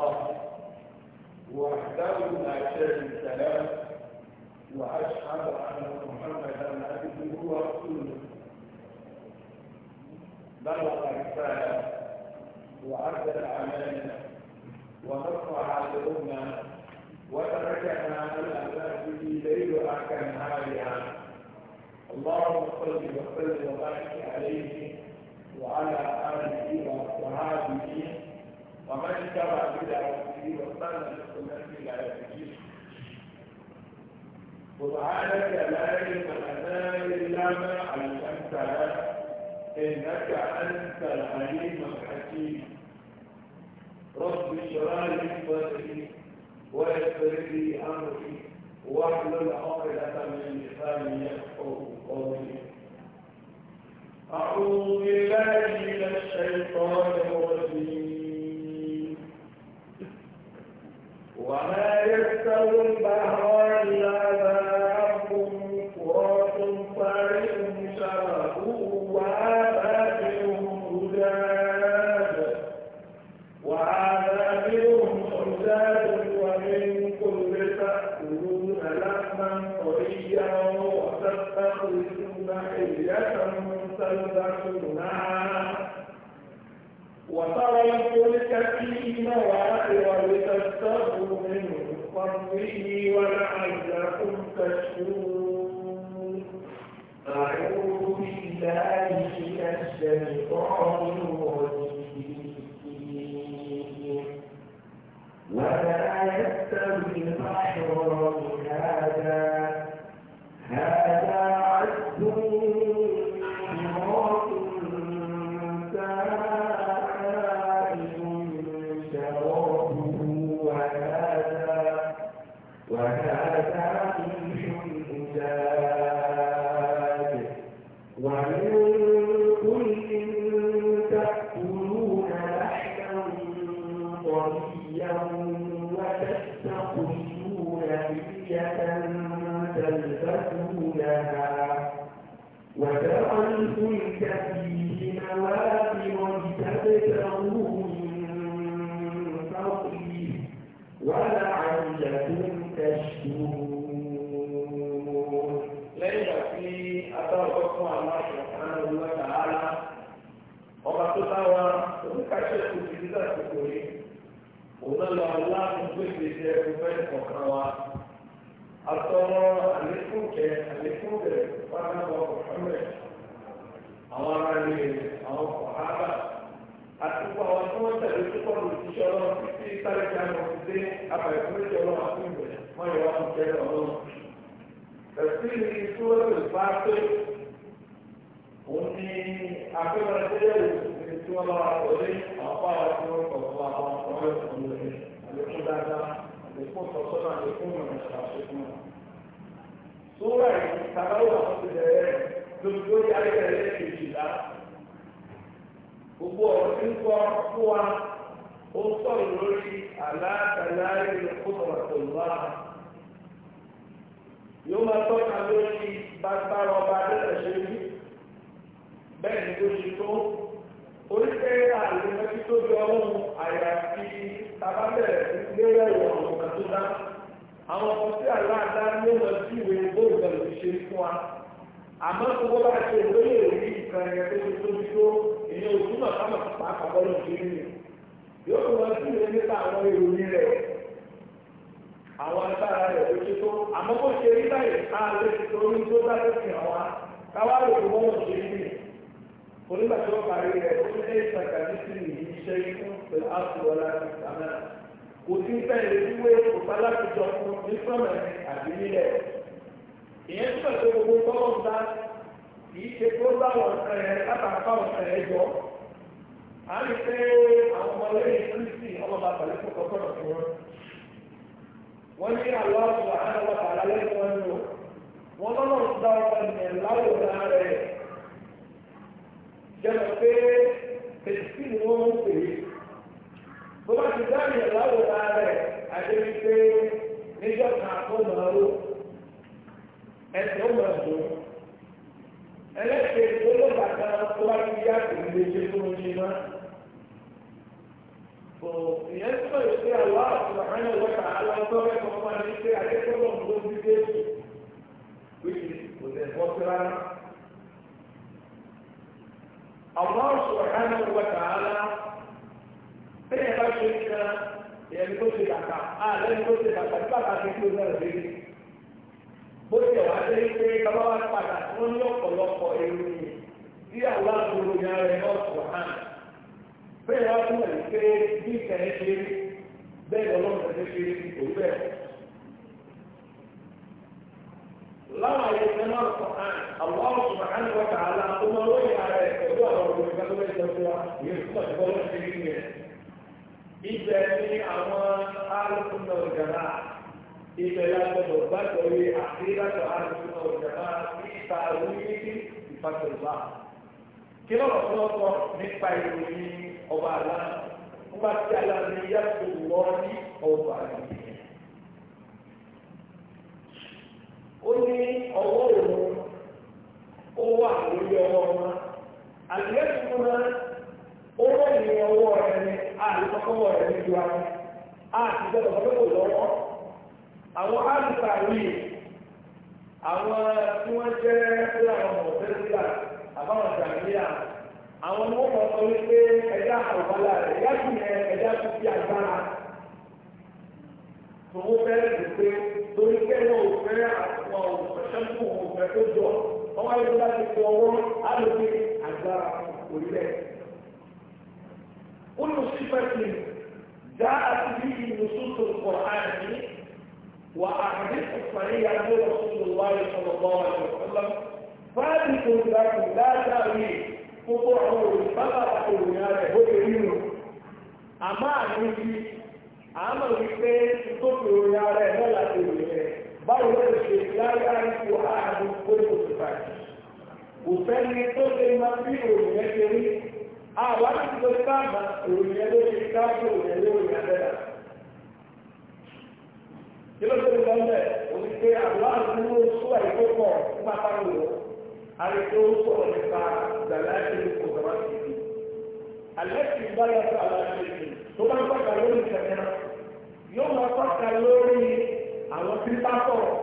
الله وحده لا شريك له واشهد ان محمدا عبده ورسوله بلغ الرساله وادى الامانه ونصح الامه وتركنا على نفسه ليلها كنهارها اللهم صل وسلم وبارك عليه وعلى اله واصحابه ومن اتبع بدعته واستنى بسنته لا يهديه سبحانك لا علم لنا الا ما علمتنا انك انت العليم الحكيم رب اشرح لي صدري ويسر لي امري واحلل عقدة من لساني يفقه قولي اعوذ بالله من الشيطان الرجيم وما يستوي البحر أَنْ àwọn ọ̀sùn àhánà wà tààlà lẹ́yìn wọn nù wọn lọ́nà ń dá ọmọ ènìyàn láwòrán rẹ̀ jẹ́nu pé èsì ni wọ́n ń pè é bó bá ti dá ènìyàn láwòrán rẹ̀ àti wípé bàtà tó bá ti yá kò ní fún ojú náà ìyẹn tó yẹ pé àlọ́ àtúnṣe àwọn ọ̀gá aláwọ̀ ẹ̀ kọ́ máa ní pé akẹ́kọ̀ọ́ ló ń dídé wíìlì kò lè bọ́ sí rárá. àwọn ọ̀ṣọ̀rọ̀ àwọn ọ̀gá alá bẹ́ẹ̀ bá ṣe ń kan ìyẹn tó ṣe kàkà àlẹ́ tó ṣe kàkà tí bàtà fi kí o náà lé ní. bó ṣe wá dé pé bàbá wa padà wọ́n ní ọ̀pọ̀lọpọ̀ èrò yìí bí àwọn àgbòrò yàrá ẹ̀ ọ̀ṣọ̀rọ̀ bẹ́ẹ̀ wá fún ẹ̀ pé bí ìkẹyẹ ṣe rí bẹ́ẹ̀ lọ́lọ́run ẹ̀ ṣe rí òun bẹ́ẹ̀. láwọn àyè ìfẹ́ náà sọ àwọn ọ̀sùn máa ń wọ́n tààlà ó máa lóye ara ẹ̀ pẹ̀lú àwọn ọ̀rọ̀ ìgbà tó bẹ́ẹ̀ jẹun wa ìyẹn tó ti bọ́lọ́ ṣe rí yẹn. ibẹ̀ ni àwọn alùpùpù náà gàrà ibẹ̀ lágbọ̀dọ̀ gbàgbọ́ yé àti látọ̀ alùpùpù náà gàrà kí lọ́wọ́ tó nípa ìròyìn ọba àlá nígbà tí àlá mi yàtọ̀ lọ ní ọba àlá ó ní ọwọ́ òun ó wà lórí ọwọ́ wọn àtìlẹ́sìn náà ó rẹ̀yìn ọwọ́ rẹ̀ ní àlùkọ́kọ́wọ́ rẹ̀ ní ju ara àti kò lọ́wọ́ àwọn àwọn tí wọ́n jẹ́ àwọn ni wọ́n kọ́ sọ wípé ẹja àwọ̀bálà rẹ̀ yàtú yẹn ẹja tó fi agbára tó wọ́n fẹ́ lè pé torí pé wọn ò fẹ́ àwọn òṣèlú wọn ò fẹ́ tó jọ wọ́n wá lóyún láti fi ọwọ́ alóde agbára orílẹ̀. olùsípẹ́sì dá àti bí ìnùsùsù kọ̀ọ̀ánì wà àdéhùn fàníyà lórí ọ̀sùn lọ́wọ́ ìṣọ̀lọ́wọ́ ìṣọ̀lọ́ fáàdì tó ń gbàgbé látàrí gbogbo àwọn olùsábà òwúrọ̀ rẹ̀ ó lè rí nù. àmọ́ àmì ti àmọ̀ wípé rẹ̀ lọ́la ti rè rẹ̀ báwo ló ṣe yára ipò ààrùn gbogbo ìbàdí. òfẹ́ni tó lè máa bí òwúrọ̀ ṣe rí ló ṣe àti àìkókò أريدون صحبة دلائل قدرته التي بلت على نفسه ثم فكر لوني كثيرا يوم فكر لوني على كتابه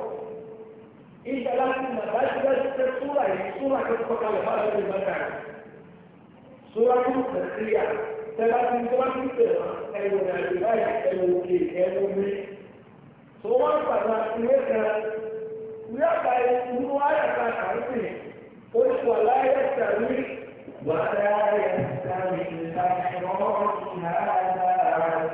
إذا لكن ما بجد السورة السورة كتبك على هذا المكان سورة مستقية ثلاثين ثلاثين سنة أيوة الولاية أيوة الولاية سورة فكر لوني كثيرا ويأتي نوعية كثيرا قلت ولا يستوي ولا يستوي البحران هذا عذب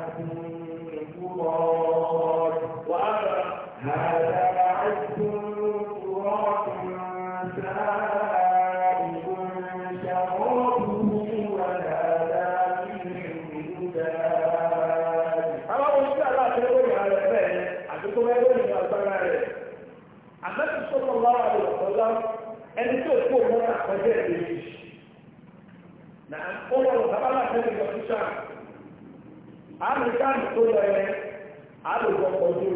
àmìkáàdì tó lọ yẹn àlòkọ ọjọ́ omi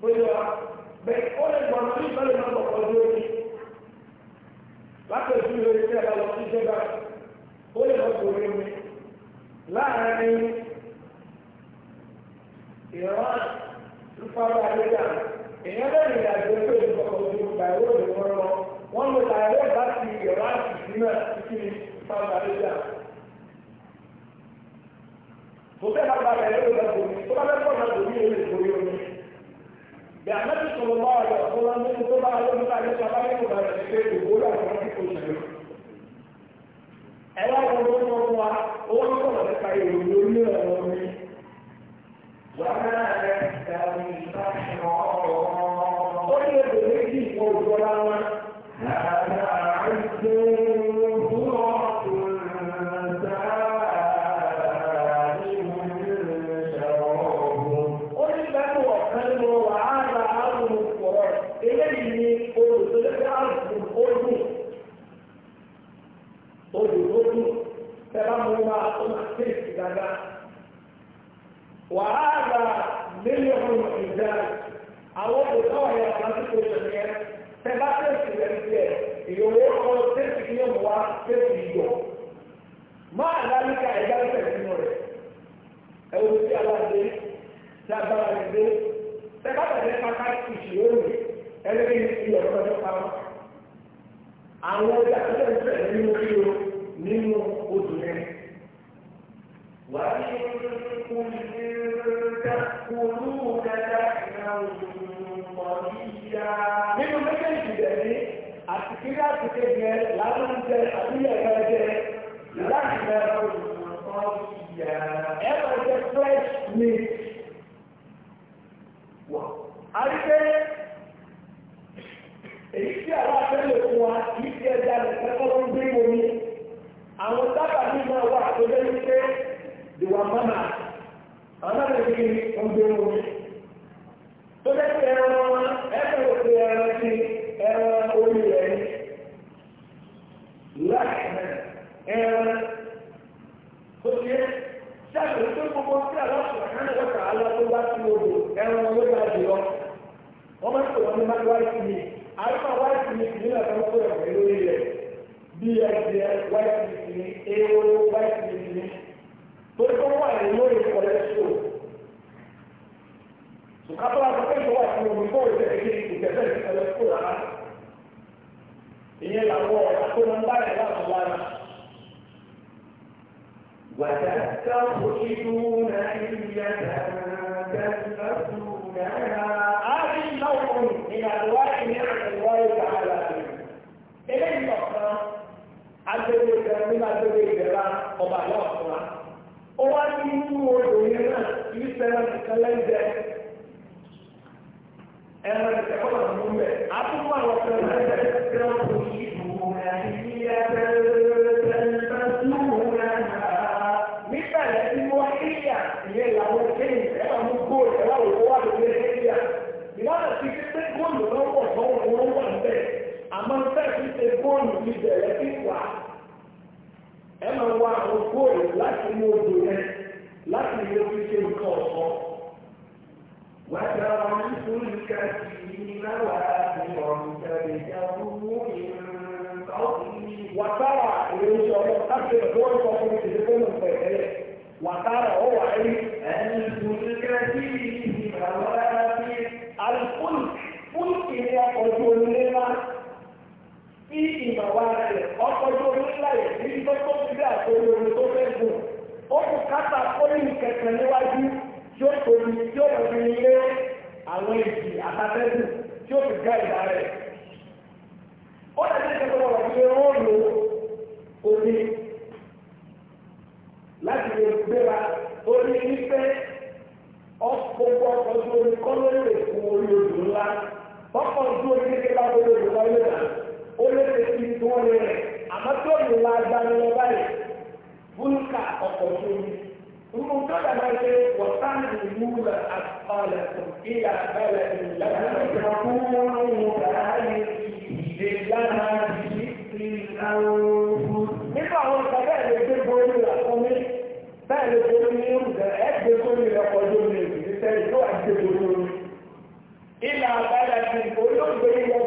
bóyá bẹ́ẹ̀ ó lè gbọ́n sí ìbálẹ̀ náà lọ́kọ̀ ọjọ́ omi látọ̀jú rẹ̀ sí ẹ̀ka lọ sí ìjọba ó lè lọ gbòòrò omi láàárín ìran ìfọwọ́ àdéjà èèyàn bẹ́ẹ̀ ní ìrìnàjò tó lè lọ́kọ̀ ọjọ́ omi gbà ìwé òdòdó wọn lọ wọn lọ tààrẹ́ bá ti ìran ìdí náà títí ìfọwọ́ àdéjà mo fẹ́ lágbà rẹ̀ lórí rẹ̀ bomi tó bá fẹ́ kọ́nà bomi yóò lè bomi omi. bí anábì sọ̀rọ̀ bá wà lọ fún wọn tó bá lórí ká ní sọ báyìí kò bá rẹ̀ ṣe òwò kò ṣẹlẹ̀. ẹ fún wa owó tó kọ̀nà nípa ìròyìn orí ọ̀rọ̀ omi. wàhálà rẹ̀ dàbí ìbáṣọ ọ̀rọ̀ ó ní èdè méjì ìwọ òjò láwọn. wa tó máa tẹ̀ sí dáadáa. Wàhálà mílíọ̀nù ìjà àwọn òṣìṣẹ́ ọ̀yà àtúntò ìṣẹ̀lẹ̀ yẹn tẹ̀ bá tẹ̀ sí rẹ̀ tiẹ̀ ìyòwò kan tẹ̀ sí ní ọmọ wa tẹ̀ sí ìyọ̀. Máa lálùkà ẹ̀dá tẹ̀ sínú rẹ̀. Ẹ sí aláde tí a bá dé. Tẹ̀ bá tẹ̀lé pátá ìṣòro rẹ̀ ẹlẹ́rìí ìyọ̀rọ̀ tó pamọ́. Àwọn ọjà tó tẹ̀ nínú kí nínú odò وإنكم إن تأكلون لحما طريا nínú méjèèjì dẹ̀ni àti kíkà àti kéde làwọn ń jẹ àbíyẹ ẹ̀ka jẹ láti ẹ̀rọ ìyá ẹ̀rọ jẹ fresh meat wà. àríkẹ́ èyí tí àwọn abẹ́lẹ̀ fún wa kì í ṣe ẹja nìkan tó ń gbé omi àwọn dábàá nínú àwọn àtọ́jọ́ ní pé they were farmers àwọn ẹgbẹ́ ní ọgbẹ́ wọn tó dẹ́kẹ̀ ẹran wọn ẹgbẹ́ òkè ẹran sí ẹran orí rẹ̀ ní láìpẹ́ ẹran tó ṣe ṣáàbì tó gbogbo sí aláṣọ àkànnì lọ́kà aláṣọ bá ti odò ẹran ló bá jù lọ wọ́n máa ń pè wọ́n ní máa wáyé sí mi àlùfáà wáyé sí mi nílẹ̀ tó ń kó ẹ̀rọ lórí torí tó wà nínú ìkọlẹ́sọ̀ ṣùkátọ́ wa sọ pé ìṣòwò àti olùkọ́ ìtẹ̀lẹ́ ìtẹ̀lẹ́ ìkọlẹ́sọ̀ rárá ìyẹn làwọn ọ̀rọ̀ tó ń bá ẹ̀ láti lára. وتستخرجون حلية تلبسونها هذه نوع من أنواع نعم الله تعالى إليه نقرأ عدد من عدد الجبال وبعض الأخرى ó wá ní inú odò yẹn náà ibi sẹ́ra nìkan lẹ́jẹ̀ ẹran nìkan kọ́ làwọn mú bẹ̀ àtúntò àwọn sẹ́ra lẹ́jẹ̀ sẹ́ra kò sí ìdùnnú ẹ̀ ní ẹgbẹ́ wá owó rẹ̀ láti mú odò yẹn láti ilé fi ṣe nǹkan ọ̀sán. وترى الفلك فيه مواخر تبتغوا من فضله وترى وترى هو الفلك فيه مواخر الفلك فلك هي قدوم لنا فيه مواخر àtòrí omi tó fẹ́ gùn ó kù kápá kórè kẹ̀kẹ́ níwájú tí ó tóbi tí ó lọ́ọ́ fi lé àwọn èjì àtàtẹ́gùn tí ó fi gá ìdá rẹ̀. ó dàbí ìṣẹ́kọ̀ọ́ wà pé wọ́n lo omi láti lè gbéra orí wípé ọ̀pọ̀pọ̀ ọdún omi kọ́ lórí èkó orí odò ńlá bọ́pọ̀ ojú omi kékeré bá wọlé odò ó lé tẹ̀sí tí wọ́n lé rẹ̀ àmọ́ tó lè wá agbanilọ báyìí búrúkà ọkọ̀ tó ní. Nínú tó dàgbà ṣe wọ̀sán ìlú rẹ̀ àpàlẹ̀ ìlà bẹ̀rẹ̀ ìlànà ìfọ̀kúnrún ìdáyé ìdè lánà ìdí ìlànà Nígbà àwọn ọ̀sán bẹ́ẹ̀ lè gbé borí rẹ̀ fún mi, bẹ́ẹ̀ lè borí ní ìrùbẹ̀ ẹ̀ gbé borí rẹ̀ pọ̀jù mi ìdí sẹ́yìn tó àgbé borí. Ìlà bẹ̀rẹ̀ ìlú olóògbé yọ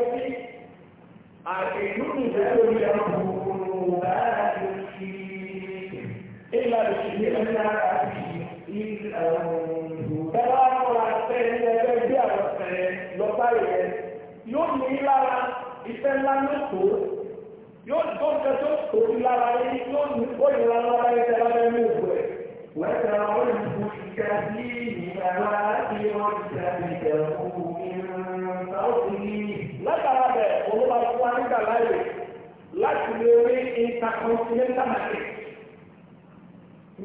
أعتقد ذنوبات إلى الشيء إذ أنت ترى yóò ní lára iṣẹ́ ńlá ló tó yóò gbọ́ǹkẹ́ tó tó lára yìí yóò ní òyìnbá lára yìí tẹ́lá bẹ́ẹ̀ ní òkú ẹ̀. wẹ́tà olùkú ìka sí ìyàrá láti wọ́n ti ṣàbíkẹ́ òkú ìrìn ó ti ní. látara bẹ́ẹ̀ láti lè rí intercontinental market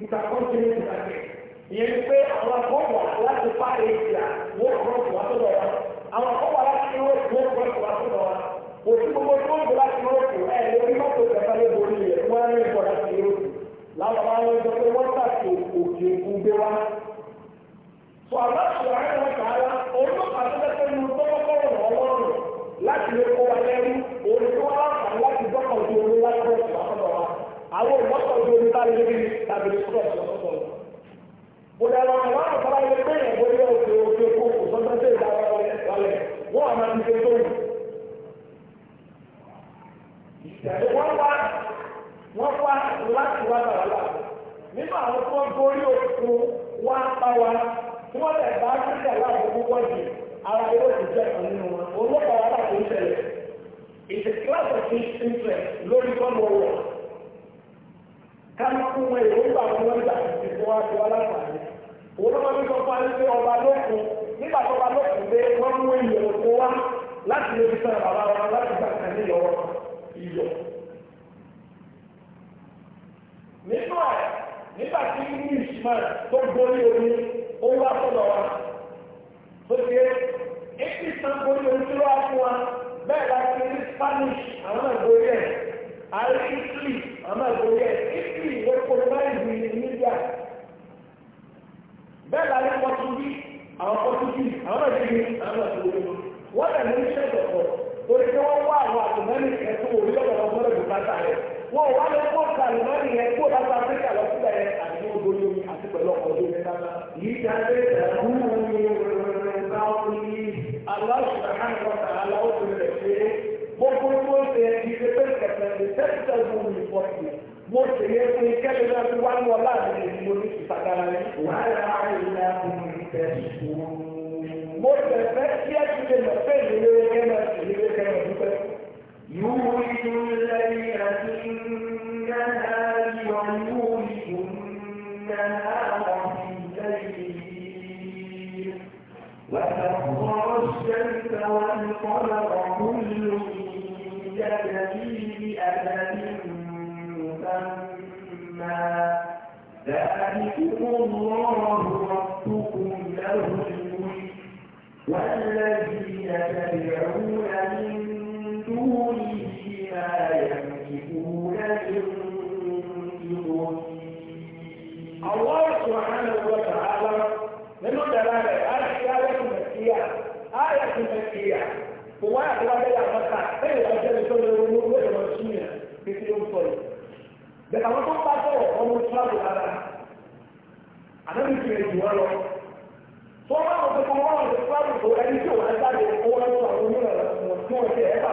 intercontinental market ìyẹn ni pé àwọn akọ́wà láti pa èsì à wọ́n kúrọ́ọ̀tù wá sọ́dọ̀ wa àwọn akọ́wà láti wọ́n kúrọ́ọ̀tù wá sọ́dọ̀ wa òtún gbogbo tó ń bọ̀ láti rọ́ọ̀tù ẹ̀ lórí mọ́tò kẹfà lé borí rẹ̀ wọ́n á ní ìbọ̀ láti rọ́ọ̀tù láwọn àwọn ọjọ́ pé wọ́n tàkì òkè ìgbé wa. sọ àbáṣe àwọn ẹ̀rọ kàrá olùkọ́ àti láti lè kó wa lẹ́rú òun tó wá láǹfààní láti gbọ́kàn ju omi láti bọ̀ sí ọ̀sán lọ́wọ́ àwọn ìgbọ́kàn ju omi tá a lè tàbí lè kúrò ọ̀sán lọ́wọ́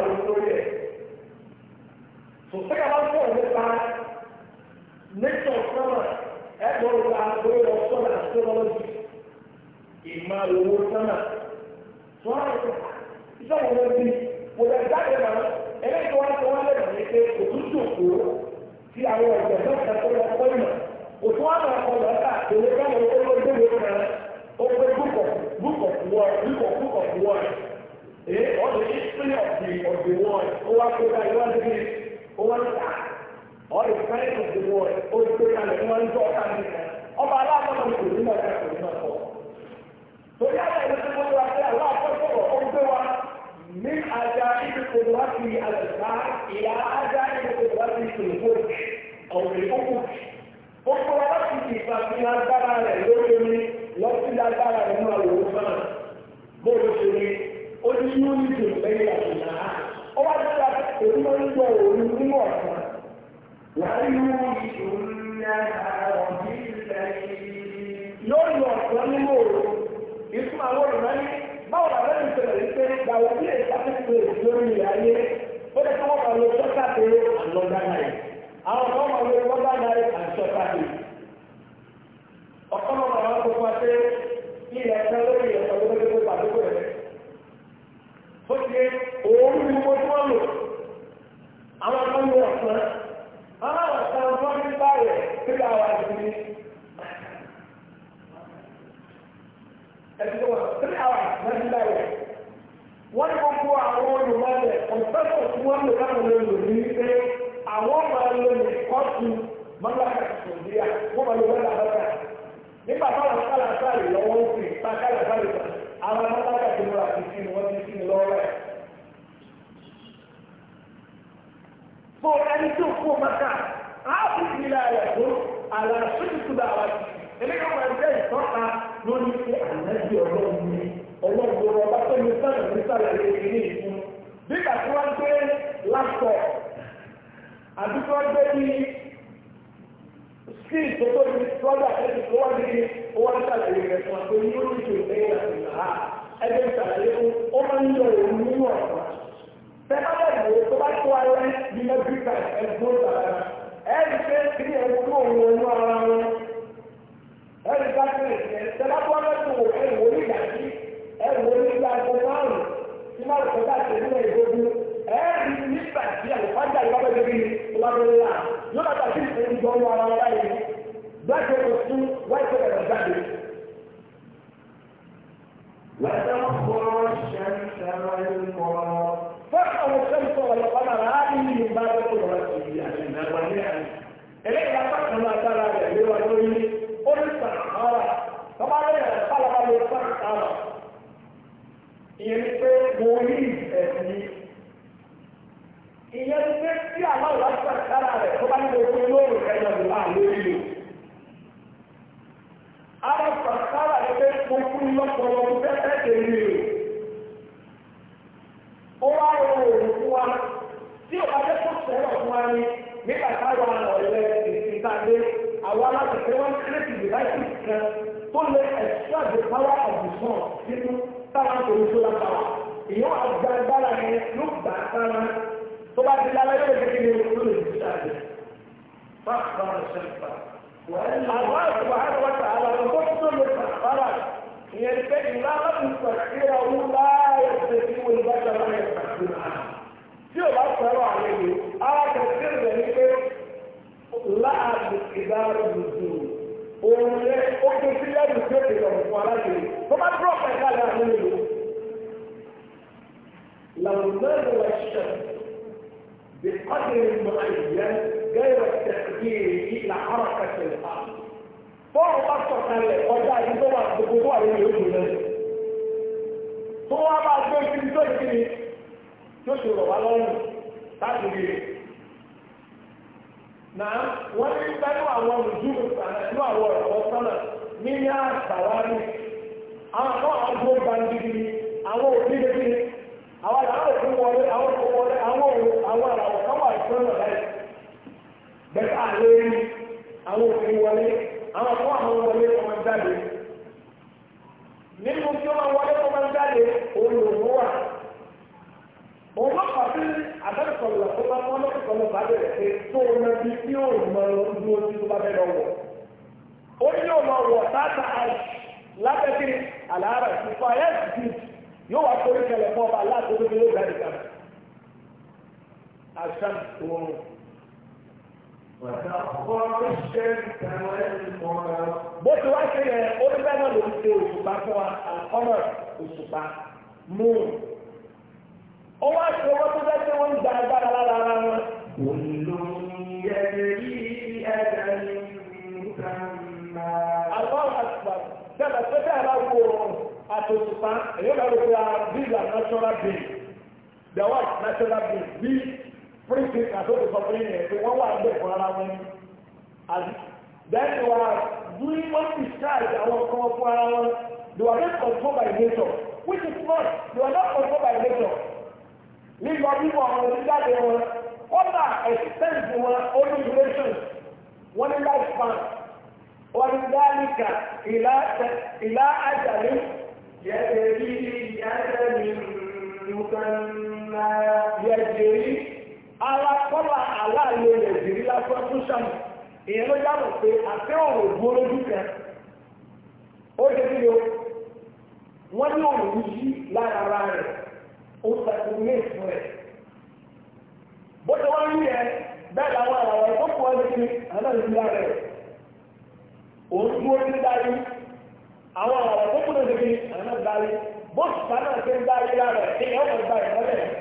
àrùn lórí ẹ̀. Sòtẹ́ka bá fọ̀ nípa nature of summer ẹ̀gbọ́n nípa lórí ọ̀ṣọ́ náà astrology ìmọ̀ owó summer. Sọ́n àìsàn iṣẹ́ wọn lọ sí mo lè jáde mọ́ ẹlẹ́gbẹ́ wọn tí wọ́n lè rìn ní pé òtútù òkú tí àwọn ọ̀gbẹ́ mẹ́ta tó lọ kọ́ ìmọ̀ òtún wọn náà kọ́ lọ́ta èlé káwọn olóògbé wọn náà ó pé búkọ̀ búkọ̀ fún wọn búkọ̀ búkọ̀ fún wọn eh, on the history of the, of the world, ó wá pé báyìí wá sí ó wá ń tà on the science of the world, ó ti pé kalẹ̀ ó wá ń tọ́ ká ní ọba aláàbọ̀n ní kò ní máa ká kò ní máa kọ́. torí àwọn ẹ̀rọ tí wọ́n ti wá sí aláàbọ̀n sọ̀rọ̀ ó ń gbé wa ní ajá ibi kò wá sí àlùfá ìyá ajá ibi kò wá sí ìlúwò ọ̀gbìn òkú. ó kọ́ wa láti fi ìfàfihàn agbára rẹ̀ lórí omi lọ́sílẹ̀ agbára rẹ̀ nínú àwòrán náà ní yóò ní ìdè lẹ́yìn àgbà ó wá nípa èyí ló ń gbọ́ òun nínú ọ̀sán. wàá yóò ìṣòro ní àwọn ọ̀gbìn ìlẹ́yìn. yóò yọ ọ̀sán nínú òru ìfún àwọn olùdarí báwo la bẹ́ẹ̀ ń sọ̀rọ̀ yìí pé gbàwọ́ bí èyí sáfẹ́sì lórí ilẹ̀ ayé ó lè kí wọ́n máa lo sọ́kà pé àlọ́gbà náà àwọn kan máa lo rọ́bà náà àṣọkà pé bó ti yẹ òun ni mo tó lò àwọn akọ́ni ọ̀sán àwọn ọ̀sán tó ń bá rẹ̀ nígbà wà lórí ẹ̀sìn wọn three hours náà ń bá rẹ̀ wọ́n ní gbogbo àwọn olùmọ̀lẹ̀ ọ̀sẹ̀kọ̀ tí wọ́n lò láwọn olùlò ní pé àwọn máa lò ní kọ́ọ̀tù mọ́lá kàtàkùn bíyà wọ́n máa lò wọ́n làbẹ́ta. nígbà táwọn kálásárì lọ́wọ́ ń fi ta kálásárì tán àwọn amátákà tó múra ti sí ni wọ́n ti sí ni lọ́wọ́ rẹ̀. ẹni tó maka, a ha fi la rẹ̀ tó àlàáfíà tuntun bá wa ti. Èmi kan máa ń ìtọ́ka lórí ọlọ́run ọlọ́run tó ní ní lè fi ní ìfún. Bí gbé àdúgbò gbé ní kí ìtòkó yìí lọ́dọ̀ àtẹ́sí tó wà ní owó ṣàlàyé rẹ̀ fún àpò yìí ó ní ìṣòro lẹ́yìn àti ìlàhà ẹgbẹ́ ìṣàlàyé fún ó máa ń yọ òun nínú ọ̀sán. Tẹ́lá bẹ̀rẹ̀ wo tó bá tó ara rẹ̀ ní ẹbí ká ẹ̀gbọ́n ìlànà ẹ̀rí pé kí ni ẹ̀wọ̀n tó òun wọnú ara wọn. Ẹ̀rí bá tẹ̀lé tẹ́lá bọ́ mẹ́tò wò wọlé ìdàtí ẹ̀rù wọlé ìgbà ẹ̀gbọ́n gbàgbé kò fún wáyé kẹ̀kẹ́ gbàgbé. وترى الشمس والقمر فرأوا الشمس والقمر هذه من باب قدرته يعني من الرجعي إليه لقد ما ترى به ونوره قل سحرة طبعا خلق للسحرة ìyẹ́nìpé borí ẹ̀sìn ìyẹ́nìpé tí àwọn ọ̀rọ̀ àti àkàrà rẹ̀ tó bá ní gbogbo olóòrùn ẹ̀yọ̀ ló wà lórí lò ara sàkárà ẹgbẹ́ fúnfún lọ́pọ̀lọ́ pẹ́pẹ́ tèmi ó wá rọrùn òun fún wa tí ò bá jẹ́ tó sọ̀rọ̀ fún wa ni nígbà táwọn ọ̀rẹ́ ìsìntàdé àwọn aláṣẹ wọn kírètì ìdájì kan tó lè extract the power of the sun nínú táwọn àtòrò tó lápá wa ìyọ́n àgbàgbára yẹn ló gbà sára tó bá ti lálẹ́ yóò lè kékeré olóòtú sáà àwọn àgbàdo wata àlànà tó tó lè sàkárà ìyẹn pé ìlànà tó sàkíra wú láàyè tó ti wọ ìbájá láyè sàkíra tí o bá sọ̀rọ̀ àlejò ara kẹsí rẹ̀ ní pé láàbù ìdáàbò dùdù بقدر معين غير التقدير لحركة الأرض فهو أصلا ọjà ìjọ wà gbogbo wà nínú ìlú rẹ̀ tó wá bá gbé ibi tó kiri tó ṣe rọ̀ wá lọ́rùn láti rí i na wọ́n ní pẹ̀lú àwọn olùdúró pẹ̀lú àwọn ọ̀rọ̀ sọ́nà ní ní àgbàwárí àwọn àwọn àgbo gbàndìrì àwọn àràwọ̀ kan wà ìfúnná báyìí bẹ́ẹ̀ àlẹ́ rí àwọn òfin wọlé àwọn tó àwọn wọlé kọ́ máa ń jáde nínú tí ó máa wọlé kọ́ máa ń jáde òun ló mú wà òun ló fà sí àbẹ́rẹ́sọ̀rọ̀ tó bá wọn lọ́kọ̀ọ́lọ́ bá bẹ̀rẹ̀ pé tó o náà bí tí ó mọ ojú ojú tó bá bẹ̀rẹ̀ wọ̀ ó ní yóò máa wọ̀ táàtà àì lábẹ́ kiri àlàárẹ̀ ìfọ̀ ayé ti yóò wá torí kẹlẹ̀ fún ọba aláàtò أشد bóti wá sí ẹ ó ní bẹ́ẹ̀ náà ló ń ṣe òṣùpá fún wa ọ̀rọ̀ òṣùpá mú un ó wá sí owó tó bẹ́ẹ̀ tí wọ́n ń gba agbára lára ara wọn. àwọn àṣùpá sẹ́lẹ̀ tó tẹ́ ẹ bá wo àti òṣùpá èyí ló ń lò fún wa bí la national bank the world prínsì àtòkè sọ pé yẹn pé wọ́n wà níbẹ̀ fún ara wọn ni àbí bẹ́ẹ̀ wà doing one discharge àwọn kan fún ara wọn they were not controlled by nature which is not they were not controlled by nature nígbà bíbọ àwọn onídàájẹ wọn ọ̀nà to wọn only relations One ní life span wọn ní dáríkà ìlà àjàlẹ̀ yẹ̀ẹ́dẹ̀ẹ́dì yẹ̀ẹ́dẹ̀ẹ́dì nìkan náà ara kọ́lá aláàlẹ́ rẹ̀ jìrí lásán tó sàmì ìyẹn ló yàtọ̀ pé àfẹ́ ọ̀rọ̀ ògbó lójú kan ó ṣe kí o wọ́n ní ọ̀rọ̀ yìí lára ara rẹ̀ ó sàkó ní ìfún rẹ̀ bó ṣe wọ́n rí ẹ bẹ́ẹ̀ làwọn àwọn ọ̀rọ̀ tó pọ̀ ní kí aláàlẹ́ rí lára rẹ̀ òun dúró ní dárí àwọn ọ̀rọ̀ tó pọ̀ ní kí aláàlẹ́ dárí bó ṣùgbọ́n náà ṣe ń dárí lára rẹ̀ èèyàn ọ̀rọ̀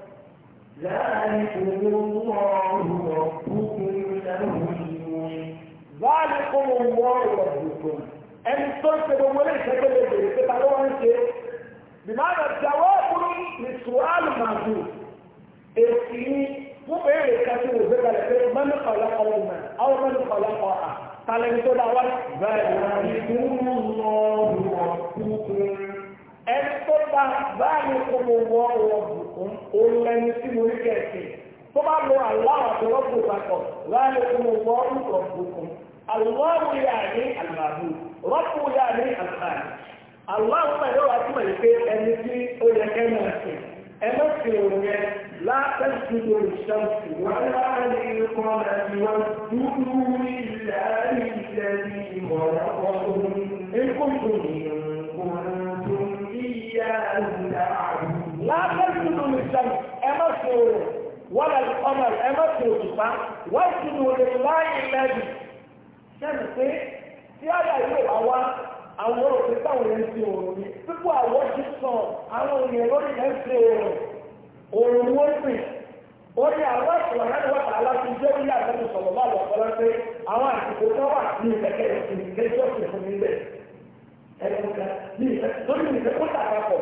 ذلكم الله ربكم له الملك ذلكم الله ربكم ẹni tó ń ṣe gbogbo ilé ìṣẹ́gbẹ́ lè bèrè pé ta ló wá ń ṣe bìmáàdà jáwọ́ ọkùnrin ní sùúrù màdù èsì ní fún béèrè kẹsì wò gbé kalẹ̀ pé mẹ́nu kọ̀lá kọ̀lá mẹ́ àwọn mẹ́nu kọ̀lá kọ̀ à talẹ̀ ní tó dá wá. bẹ́ẹ̀ ni ìdúró lọ́ọ̀rù ọ̀kúnkún ẹtọ́ bá báyìí kó mo wọ ọ̀rọ̀ òun lẹni tí mo rí kẹ̀sì tó bá lo aláwọ̀ àtọ́rọ́ bò papọ̀ báyìí kó mo wọ ọ̀rọ̀ òkun aláwọ̀ yà ní àlùmáàbù rọ́pò yà ní àlùmáàbù aláwọ̀ pẹ̀lú àtúmọ̀ yìí pé ẹni tí ó yẹ kẹ́nu ẹ̀sìn ẹnu sì òun yẹ látẹ̀ dúró ìṣàǹtì wọn láàrin ikọ̀ àti wọn dúró ilẹ̀ ilẹ̀ ìmọ̀ràn ọ̀hún ẹ̀kọ́ ìròyìn ọ̀hún láàbẹ̀rẹ̀ nínú ìsẹ̀m ẹ má ṣe òrò wọ́n lẹ́nu ọmọ ẹ má ṣe òṣùpá wọ́n ti nù lè láyé lẹ́yìn sẹ́nu pé tí àyà yóò bá wá àwọn òfin táwọn yẹn ti òrò ni pípọ̀ àwọn ti sàn àwọn ènìyàn lórí yẹn ti òrò òrò wọ́n pè ó ní àwọn ìṣòro náà wọ́n tà láti jẹ́ ilé àtẹ́nu sọ̀rọ̀ bá lọ fọlá pé àwọn àsìkò tó wà ní ìlẹ̀kẹ̀ ìsìn kéjọ́ sì fún nílẹ̀ ẹ̀ẹ́dẹ́gbẹ̀rún ní ìfẹ́ lórí ìfẹ́ kó tà papọ̀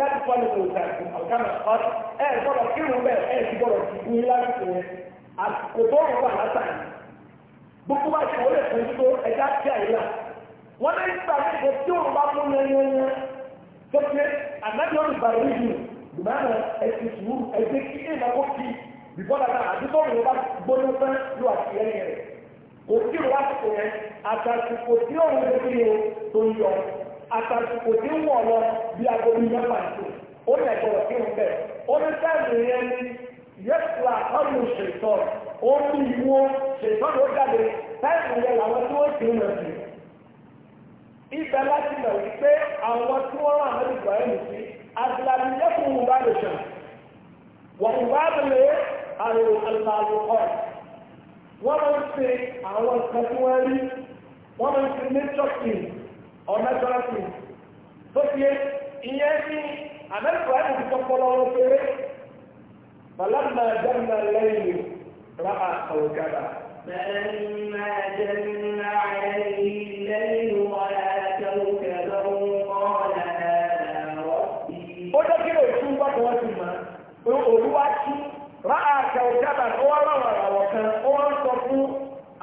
láti fọ́nù ní ọjà ọ̀gá náà ọ̀rẹ́ ẹ̀ gbọ́dọ̀ kírun bẹ́ẹ̀ ẹ̀ ti gbọ́dọ̀ ti ní lásìkò yẹn àkókò tó ń wà látàrí gbogbo bá ṣe wọlé fún tó ẹja tí àyè là wọn lè gbà nígbà tí òun bá mú yẹnyẹnyẹ tó pé ànájọ ìgbà rẹ yìí gbùmọ̀nà ẹ̀sìn sùúrù ẹ̀sìn kí ẹ̀ náà kó kí bìbọ́dà náà àti tó ń bá gbóná fẹ́ ló àti yẹn yẹn kò kí òun wá sí kò yẹn àtàkùn kò tí òun lè fi yẹn tó ń yọ àtàkùkò tí ń wọ̀ lọ bí agogo mẹ́fà sí ó lè gbọ́dọ̀ kí wọ́n bẹ̀ ó ní sáàmì yẹn ni yẹ́sùlá ọ̀nù ṣètọ́ ó ní ìwọ ṣètọ́ ló jáde sáàmì yẹn làwọn tí wọ́n ti ń lọ sí. ibẹ̀ láti mọ̀ wípé àwọn tí wọ́n rán àwọn ìgbà ẹ̀mí sí àgbàlagbà yẹn fún un bá lè ṣàn wọ́n bá lè àrùn àlùkọ́ wọ́n máa ń ṣe àwọn nǹkan tí wọ́n rí wọ́n máa ń ṣe nature king or natural things. So here, ìyẹn ní àmẹ́ríkà ẹni tí kọ́kọ́ lọ́wọ́ péré bàlámà jẹ́nà lẹ́yìn ra àwòkàdà. فلما جن عليه الليل ولا كوكبا قال هذا ربي. ó jẹ́ kí ló tún bá tó wá sí ma olúwa tún ra àkàwòkàdà ó wá rọrùn àwọ̀ kan ó wá sọ fún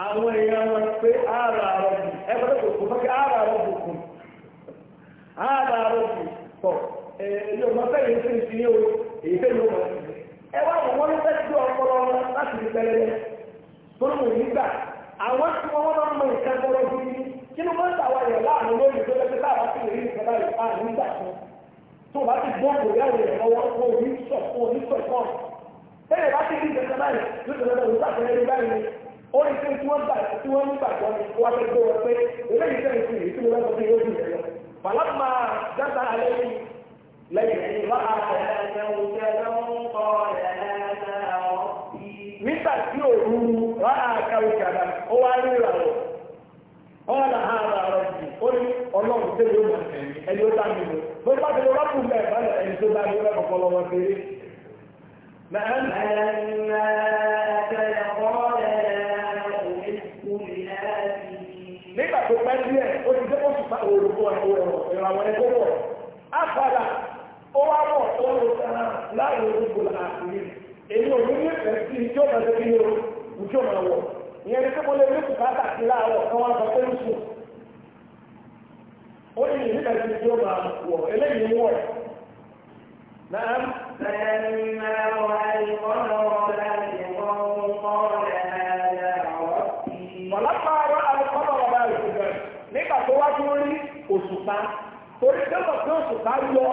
àwọn èèyàn wọn pé ara rẹ̀ ẹgbẹ́ tó kò fẹ́ kí ara rẹ̀ bò ha àròjù pọ̀ ẹ̀yọ́ mọ́tẹ́ yìí ti ń fi yé o èyí fẹ́ yóò mọ̀ ẹ wá wọ́n wọ́n fẹ́ ju ọpọlọ wọn láti fi pẹlẹbẹ tó ló ń gbà àwọn tí wọ́n máa ń mọ ya laa bí i kí ló a bá ti ti فلما دخل عليه ليل رأى كوكبا قال هذا ربي nígbà tí òru rárá kàwékàdà ó wá rí ìràwọ̀ ọ̀là ara rẹ̀ jù ó ní ọlọ́run tó yóò mọ̀ ẹni ó dámi lò bó bá ti lọ rọ́pù mẹ́ẹ̀ bá lọ ẹni tó dámi lọ kọ̀kọ́ lọ́wọ́ kéré. mẹ́rin mẹ́rin ẹ̀ẹ́dẹ́gbọ́n táwọn ọwa ìràwọ̀ ẹgbẹ́ láàrin àkùnrin èyí ìjọ ìjọ ìyẹn kùkátà sí kan wá ó ní ìjọ eléyìí náà. Bẹ́ẹ̀ ni lórí òṣùpá torí tẹ́lọ̀ tí òṣùpá yọ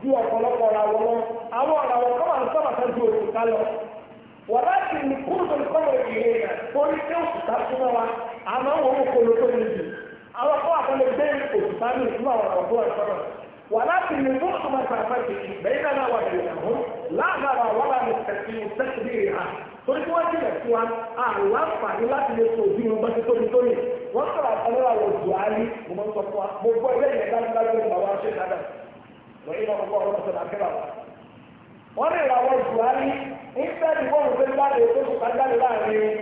ju ọ̀pọ̀lọpọ̀ ra wọn lọ àwọn ọ̀rọ̀ àwọn kọ́mà ń sọ̀rọ̀ sẹ́jú òṣùpá lọ. wọ́n ti ní kúrò kọ́mọ̀ ìrè rẹ̀ torí tí òṣùpá súnmọ́ wa àmọ́ wọn kò ló tó níbi àwọn kọ́mà kan lè gbé òṣùpá ní ìlú àwọn ọ̀rọ̀ tó wà ولكن المؤتمر فاتي بيننا وبينهم لا نرى ولا نستطيع تكبيرها torí kí wọ́n jìnà sí wa àwọn àǹfààní láti lè so òbí wọn bá ti tóbi tóbi wọ́n sọ̀rọ̀ àtàlẹ́ àwọn òjò àárí mo máa ń sọ fún wa mo gbọ́ ilé ìyẹn dájúdájú ní bàbá ṣe dáadáa lọ́yìn náà mo gbọ́ ọ̀rọ̀ sọ̀rọ̀ àkẹ́rà wa. wọ́n lè ra àwọn òjò àárí ní sẹ́ẹ̀dì wọ́n fẹ́ jáde tó kù ká jáde láàrin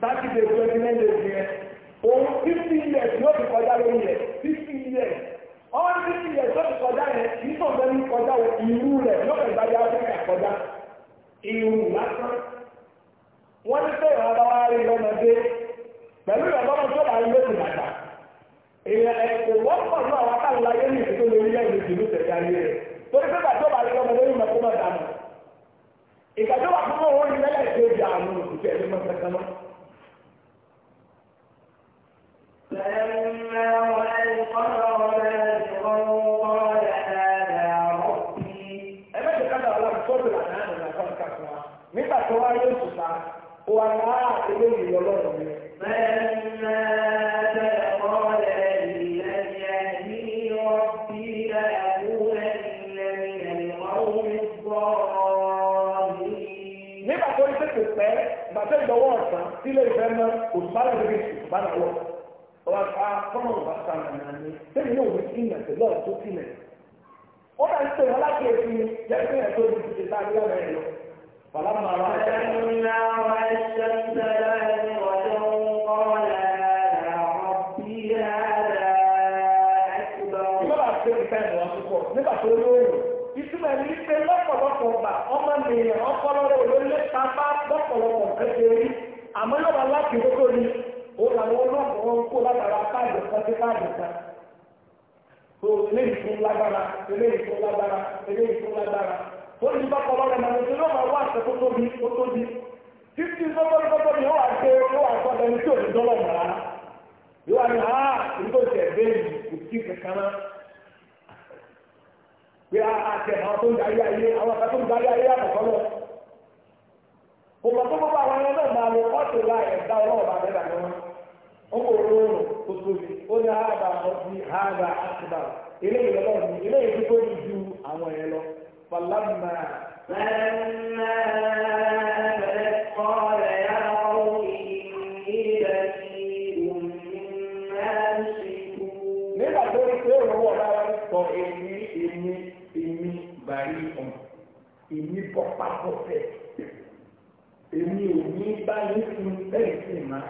thirty days twenty nine days yẹn òun fifty years yóò fi kọjá lórí rẹ̀ fifty years ọ̀hún fifty years yóò fi kọjá yẹn kì í sọ̀rọ̀ ní kọjá irú rẹ̀ yóò fi gbájá fún ẹ̀kọjá irú lásán wọ́n ní sẹ́yìn ọba wa rí lọ́mọdé pẹ̀lú ìrọ̀lọ́mọ tó bá yẹ kù dàgbà èèyàn ẹ̀kọ́ wọ́n pọ̀ ní àwọn akáàlá yé ní ìdílé lórí lẹ́yìn ìdílé tẹ̀lé ayé rẹ̀ torí pé bàtọ́ bá rí lọ́mọdé ní mọ̀kó mọ̀ dànù ìgbàjọba fún wọn tó di wá náà eléyìí lọ́lọ́run mi. nígbà tó ń tètè pẹ́ bàtà ìdánwò ọ̀sán sílé ìfẹ́ náà kò bá lè rí ìbá náà wọ̀ ọ̀rọ̀ àti akọ́nà ọ̀bá sàmì náà ni tẹ́lẹ̀ yóò wí sí ìyàtọ̀ lọ́ọ̀ tó sílẹ̀ ó dà ń pè wọ́n láti ètò yẹ́pẹ́ yẹn tó di ti ta ní ọ̀rẹ́ lọ. فلما رأى الشمس بازغة قال يا ربي هذا أكبر nígbà tó lóyún ìtumọ̀ ní pé lọ́pọ̀lọpọ̀ ọgbà ọmọ nìyẹn ọpọlọpọ̀ olóyè pápá lọ́pọ̀lọpọ̀ kékeré àmọ́ lọ́wọ́ láti kókó ni òun làwọn ọlọ́pàá wọn kó látara káàdì kan sí káàdì kan tó eléyìí fún lágbára eléyìí fún lágbára eléyìí fún lágbára. ó ti bá kọ́ lọ́rẹ̀ mọ̀ lọ́sẹ̀ yóò tó tóbi tí ò ní dọ́lọ̀ mọ̀ rárá yóò wá ní ha ìdúgbò tẹ̀ bẹ́ẹ̀ kò sí kankan náà pé àtẹ̀ àwọn tó ń darí ayé àwọn kan tó ń darí ayé àkọ́kọ́ lọ gbogbo àwọn náà máa ẹ̀dá فلما فلما أبدت قال يا قوم إني بريء مما تشركون nígbà tó rí pé òun wọ̀ lára sọ èmi èmi èmi bàrí èmi ò ní bá yín fún bẹ́ẹ̀ sì máa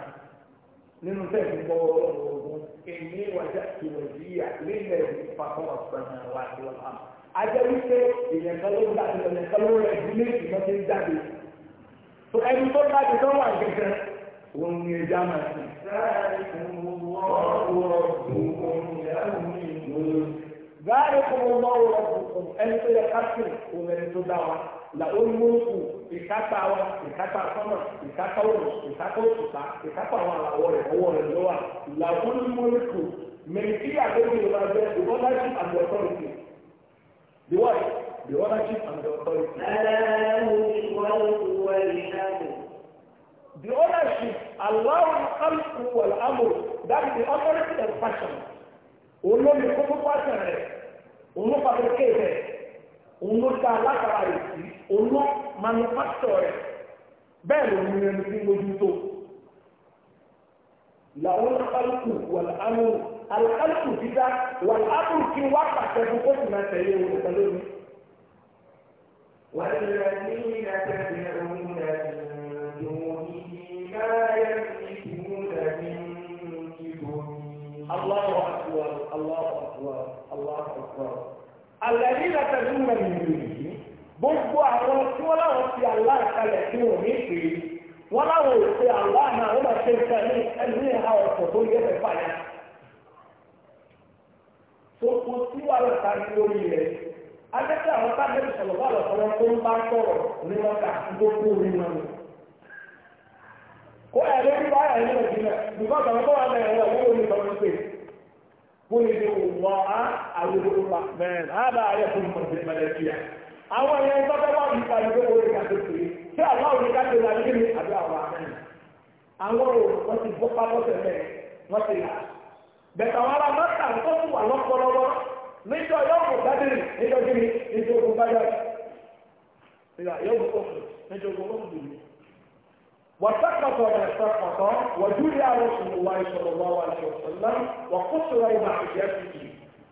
nínú tẹ̀sí gbọ́ ọ̀rọ̀ ogun èmi wàjà ìwọ̀n yíyà nílẹ̀ ìfapọ̀ ọ̀sán àwọn àti ajẹ́ wípé èèyàn kan ló ń jáde lọ́nà kan ló rẹ̀ ní méjì lọ́ ti ń jáde tó ẹni tó jáde tó wà gẹ́gẹ́ òun ni ẹja máa ti. Báyìí kò mọ mọ́ wọ́n ọ̀gbọ̀n ẹni tó yẹ kápẹ́ òun ẹni tó dá wa là ó ní wọ́n kù ìkápá wa ìkápá sọ́nà ìkápá òòrùn ìkápá òṣùpá ìkápá àwọn àlàwọ̀ rẹ̀ ọwọ́ rẹ̀ lọ́wọ́ là ó ní wọ́n kù mẹ̀lìkí àgbẹ̀wò ìrọ̀lẹ́ ìwọ́n láti àgbẹ̀wò The what? The ownership and the authority. The ownership, Allah al-Khalq wal-Amr, that is the authority and passion. Òun ló lè passion. pàṣẹ rẹ̀, òun ló pàtẹ́kẹ́ rẹ̀, òun ló ta alákàrà rẹ̀ sí, òun ló manufacture rẹ̀. Bẹ́ẹ̀ ló ní ẹni tí mojú tó. Làwọn al-Khalq wal-Amr alikaliku dídá wà ábùrù kí wà pàṣẹ fún kó sì máa tẹ̀lé òun nìkan lónìí. والذين تدعون من دونه ما يملكون من كبر الله أكبر الله أكبر الله أكبر الذين تدعون من دونه gbogbo àwọn tí wọ́n láwọn fi aláàkalẹ̀ tí wọ́n ní pè é wọ́n láwọn ò fi aláàmà wọ́n máa ṣe nǹkan ní ẹni ní ìhà ọ̀sọ̀ tó yẹ fẹ́ fàyà. wà lọ́ta ní lórí rẹ̀ adẹ́tẹ́ àwọn tábìlì sọ̀rọ̀ bá lọ sọ̀rọ̀ tó ń bá sọ̀rọ̀ ní wọn kà gbogbo orí wọn ni. kó ẹ̀rọ ní báyà ní nàìjíríà nǹkan tàbí tó wà lẹ́yìn rẹ̀ wọ́n ní ìtọ́jú pé wọ́n ní wọ́n á àlùkò pa mẹ́rin á bá ayé fún ìmọ̀lẹ́ mẹ́lẹ́kíyà. àwọn ẹ̀yẹ tó fẹ́ wá ìgbà ìgbà orí kàdé pé ṣé aláwọ̀ ní kájọ la ní kíni àbí àwọn àmẹ́rin. àwọn ò wọ́n ti bọ́ pápọ́sẹ̀ mẹ́rin wọ́n ti là níjọ yọ̀ọ̀kù bádìrì níjọ gíní níjọ ogun bádìrì níjọ yọ̀ọ̀kù ọ̀kù níjọ ogun ọ̀kù bìrì. وسقط ما سقط وجري رسول الله صلى الله عليه وسلم وقصر معصيته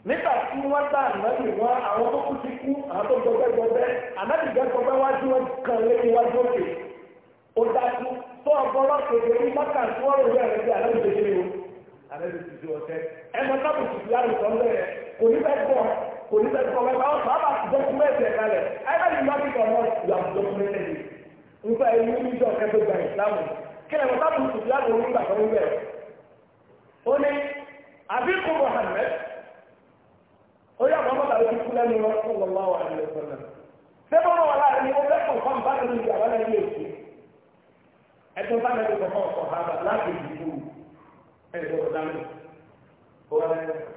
nígbà tí wọ́n dá ànábì wọn àwọn tó kú ti kú àwọn tó gbọgbẹgbọgbẹ ànábì gbẹgbọgbẹ wájú wọn kan lẹ́yìn wájú òkè ó dájú tó ọgbọ́nọ́ kéde ní mọ́kà tí wọ́n rò rẹ̀ rẹ̀ bí ànábì kékeré o ànábì ti di ọ̀tẹ́ ẹ̀mọ́ tábìlì ti di àrùsọ̀ ń bẹ̀rẹ̀ kò ní bẹ́ẹ̀ gbọ́ kò ní bẹ́ẹ̀ gbọ́ wẹ́pẹ́ àwọn bàbá dọ́kúmẹ́ntì ẹ̀ka rẹ̀ ẹ̀ẹ́dẹ́gbẹ̀rún máa fi kàn mọ́ ìyá dọ́kúmẹ́ntì nípa ẹ̀yìn oníjọ́ kẹfẹ́ gba ìsìlámù kí ni wọ́n tábù ìsìlámù onígbà tó ń bẹ̀rẹ̀ ó ní àbíkú Muhammad ó yà mọ́ mọ́tà lórí kú lẹ́nu wọn fún wọn wá àdìyẹ sọ́nà sẹ́fọ́ wọn wà láàrin ó fẹ́ kàn fún bàtà lórí àwọn ẹni èkó ẹ̀tọ́ bá mẹ́rin kọ̀ọ̀kan ọ̀hánà láti ìdìbò ẹ̀rọ ọ̀dánù ó wà lẹ́yìn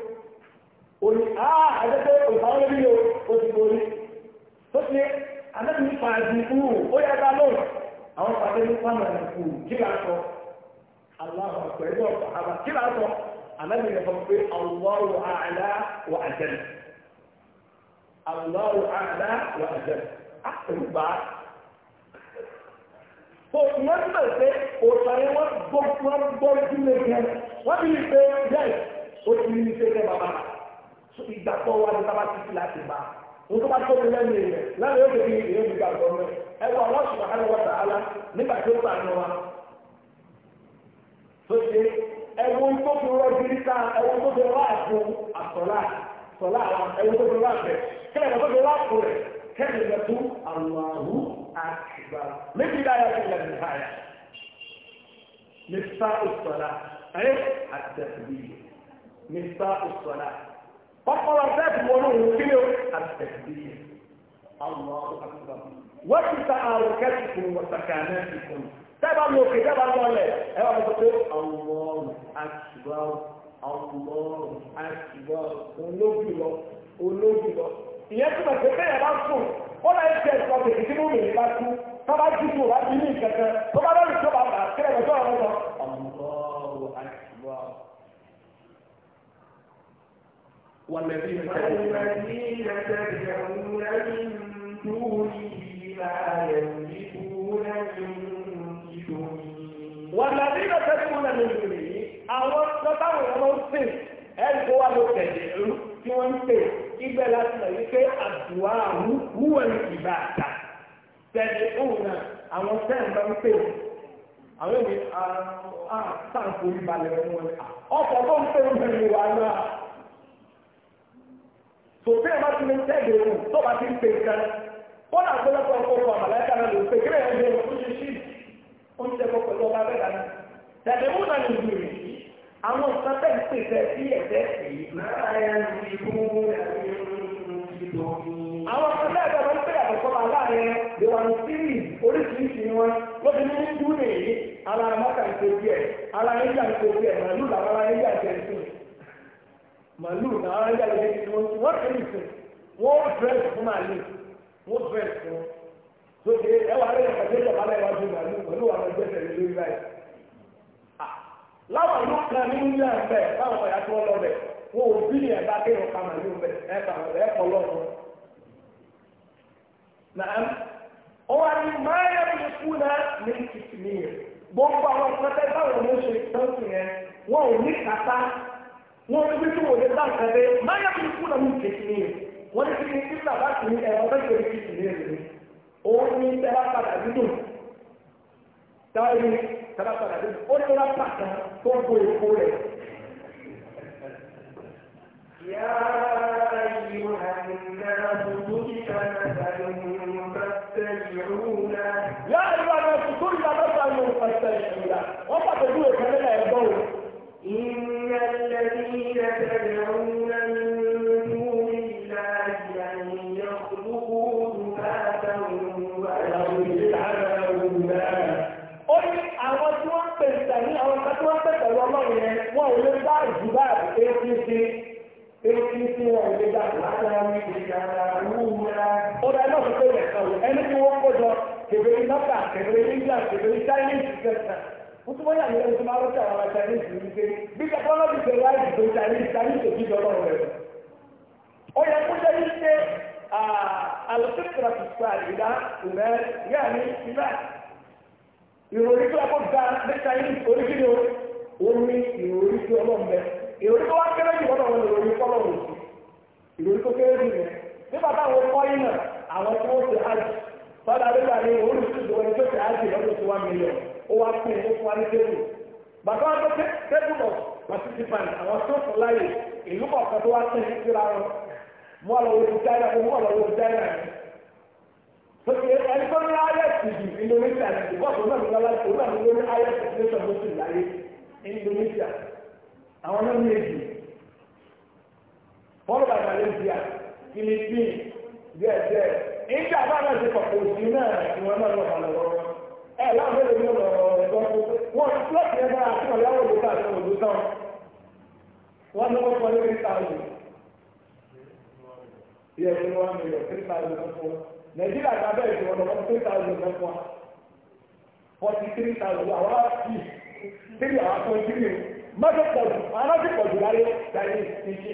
òní àá ah, àjẹ́sẹ́ ìfàwọn ẹbí yóò ó ti borí tó ti anábì nípa ẹbí kú ó yẹ ká lóòrùn àwọn pàdé nípa mẹ́rin kú kí là sọ aláwọ̀ pẹ̀lú ọ̀pọ̀ àbá kí là sọ anábì yẹn fọ pé Allahu a'la wa ajal Allahu a'la wa ajal àtẹnugbà wọ́n mọ̀ pé òṣèré wọn gbọ́ wọn gbọ́ jùlọ jẹ wọ́n bí pé bẹ́ẹ̀ ó ti ní ṣe kẹ́ bàbá rà ìgbàgbọ́ wa ni bàbá títí láti bá nítorí wọn tó lé ní ilẹ̀ lẹ́nu yóò fi ìyẹn ti gbàgbọ́ mẹ́ ẹ wọ àwọn ọ̀ṣun àti wọ́n tà á la nígbà tó tà ní wa. tó ṣe ẹ̀wọ̀n tó fi rọ jírí ká ẹ̀wọ̀n tó fi rọ àpò àtọ̀lá àtọ̀lá àwọn ẹ̀wọ̀n tó fi rọ àpẹ̀ kẹ́lẹ̀ tó fi rọ àpò rẹ̀ kẹ́lẹ̀ lè tún àlùwàhù àtìgbà méjì dáyà sí ilẹ̀ nípa yà nípa ìtọ̀lá ẹ̀ àtẹ̀síbí nípa ìtọ̀lá kọ́kọ́rọ́ bẹ́ẹ̀ tí wọ́n lóun kí ni ó àtẹ̀síyẹ wọ́n ti ta àrùn kẹ́sìkò wọ̀sàkànnà ìkùn tẹ́bà mú òkè tẹ́bà mú ọlẹ̀ ẹ wà lọ́pọ̀ pé ọlọ́run àṣìwá ọlọ́run àṣìwá olójúlọ olójúlọ والذين تدعون من دونه ما يملكون من والذين تدعون من دونه àwọn tọ́tàwọn ọmọ ń pè ẹ̀kọ́ wa ló tẹ̀lé ẹ̀rú tí wọ́n ń pè ibẹ̀ láti lọ wípé àdùá wúwọ̀ ní ìbá àtà tẹ̀lé òun náà àwọn tẹ́ẹ̀ bá ń pè àwọn èmi àtàkùn ìbalẹ̀ wọn ọkọ̀ tó ń pè ń bẹ̀rẹ̀ wà náà. tòtẹ́ ẹ̀ bá ti ní tẹ́gì ẹ̀kùn tó bá ti ń pè nǹkan wọ́n náà gbọ́dọ̀ na ọkọ̀ ọkọ̀ àmàlẹ́kà náà ló ń pè onye lẹ́yìn ọba bẹ́ẹ̀ dáná tẹ̀lé mú náà lè àwọn nǹkan ń pè tẹ̀ sí ẹ̀fẹ́ àwọn nǹkan pè lè wà ní oríṣiríṣi wọn wọ́n ti ní ní dúró nìyí màálù náà àwọn ẹgbẹ́ àgbẹ̀ wọ́n ti wọ́n tẹ̀lé ìfẹ́ wọ́n dírẹ́sì fún màálù wọ́n dírẹ́sì fún wọn. tó ṣe ẹ wà lẹ́yìn ọ̀gá tẹ́lẹ̀ wà wájú màálù pẹ̀lú àwọn ẹgbẹ́ tẹ̀lé lórí báyìí. láwọn ìlú kan ní ilé ẹ̀fẹ́ láwọn ọ̀yà tó lọ bẹ̀ wọn ò bí ẹ̀ bá kéwọn ka màálù bẹ̀ ẹ̀ pàmò ẹ̀ pọ̀ lọ́wọ́ ọwọ́ ni máa ní kìkìnìyàn gbogbo àwọn ọ̀pọ̀lọpọ̀ wọ́n fi tó wòye bá nǹkan rẹ̀ fi kú lọ́mú kejì ní wọ́n ti fi kí bàbá sí ní ẹ̀rọ mẹ́jọ ní kejì ní ẹ̀rọ òun ní tẹ́lá padà nínú táyé tẹ́lá padà nínú ó tẹ́lá padà tó bo èkó rẹ̀. rọ́ṣà kẹfẹ́rẹ́ india kẹfẹ́rẹ́ chinese kẹta wọ́n tún bọ́yà yẹn tó máa rọ́ṣà àwọn chinese ní pé bí technology ṣe wá ìdìbò chinese chinese òbí dọ́lọ́ rẹ̀ ó yẹ kó jẹ́ wípé alùpùpù àtùpù àdìdá ìrẹ́ yẹ́ ní ìlà ìròyìn tó ẹkọ gba ní chinese oríṣiríṣi òun ní ìròyìn tó ọlọ́mọbẹ ìròyìn tó wá kéré jù lọ́dọ̀ wọn ìròyìn kọ́lọ́wọ̀n ìròyìn tó kéré jù rẹ̀ nígbà táwọn kọ́ yín náà àwọn tí wọ́n ti hajj sọ́dà nígbà ní olùsíjọ ẹni tó ti àjì lọ́dún ji wọ́n mílíọ̀n ó wá pín in ó fún wa ní tébù bàbá wọn tó tẹ tébù lọ participant àwọn tó fún láyè ìlú kọ̀ọ̀kan tó wá pín in síra wọn mú ọlọ́wọ́ ti China mú ọlọ́wọ́ China tó ti ẹni tó ní ayẹ́t ìdì Indonesia náà ní lọ́la ló ní ti láyé Indonesia àwọn náà ní bọ́ọ̀lù lè di nígbà bá náà ti pọ̀ òsì náà ìwọ̀n náà lọ́wọ́ lọ́wọ́ ẹ láwọn mélòó ní ọ̀rọ̀ ọ̀gbọ́n wọn lọ́ọ̀tì ẹ bára àti ọ̀lẹ́ àwọn olùkọ́ àti olùkọ́ wọn ní wọ́n fọlé ní tààlù yẹ kí wọ́n mi yọ three thousand náà fún nàìjíríà ní abẹ́rẹ́ ìwọ̀n lọ́wọ́ three thousand náà fún wọn forty three thousand àwọn àti three àwọn twenty three mọ́tò pọ̀jù àwọn ti pọ̀jù láyé láyé ìṣe.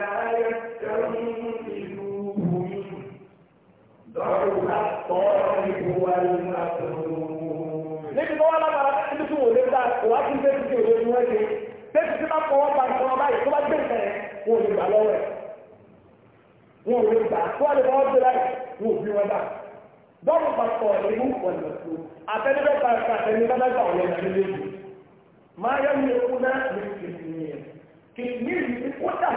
لا يستنفذوه منه ضعف الطالب والمطلوب níbi tó wá lágbára níbi tí wòlé dá wà á tún bẹ́ẹ̀ tí wòlé ní wọ́n ṣe bẹ́ẹ̀ tí wọ́n kọ́wọ́ pa nǹkan ọba yìí tó bá gbé nǹkan yẹn wọn ò lè gbà lọ́wọ́ ẹ̀ wọn ò lè gbà tó wà lè fọwọ́ gbé láyé wọn ò bí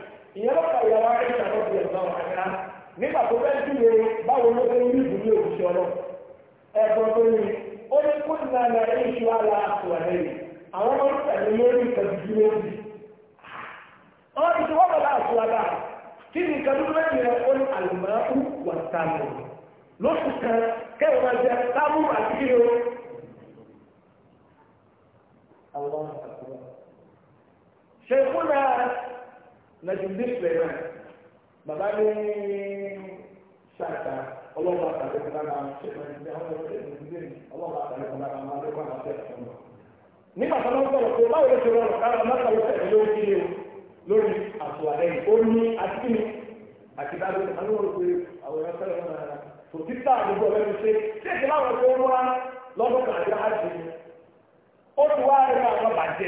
ìyẹn lọ́pàá ìyàwó akẹ́kọ̀ọ́ tó di ẹ̀gbọ́n wọn àná nígbà tó fẹ́ júwe báwo ló fẹ́ ní ìbùdó òṣìṣẹ́ ọlọ́ ẹ̀gbọ́n tó ní ó ní kó ní nàlẹ́ iṣu ala àtùwàlẹ́ àwọn ọmọ ìtàgé lórí ìtàgé lórí ọmọ ìṣòwò bàbá àtùwàlà kí ni ìkàdúró lẹ́yìn rẹ̀ ó ní àlùmọ́ọ́kù wà tààmù lóṣù kan kẹ́wọ́n máa jẹ táàmù àti kíló ṣe fúnra Najimdi Suleiman bàbá ní ṣáàtà ọlọ́wọ́ àtàlẹ́ kọ́lá náà ṣe máa ń gbé àwọn ọmọ ẹgbẹ́ ìdílé ní ọlọ́wọ́ àtàlẹ́ kọ́lá náà máa ń lé wọn àti ẹ̀sán lọ. nígbà tó lọ́wọ́ sọ̀rọ̀ pé báwo ló ṣe rọrùn kára mọ́tà ló tẹ̀lé lórí ilé o lórí ó ní àtìmí àti dáadé àwọn àwọn ẹ̀rọ sẹ́lẹ̀ fún tá àdúgbò lẹ́nu ṣe ṣé ìdí láwọn tó ń wá lọ́dún kan àti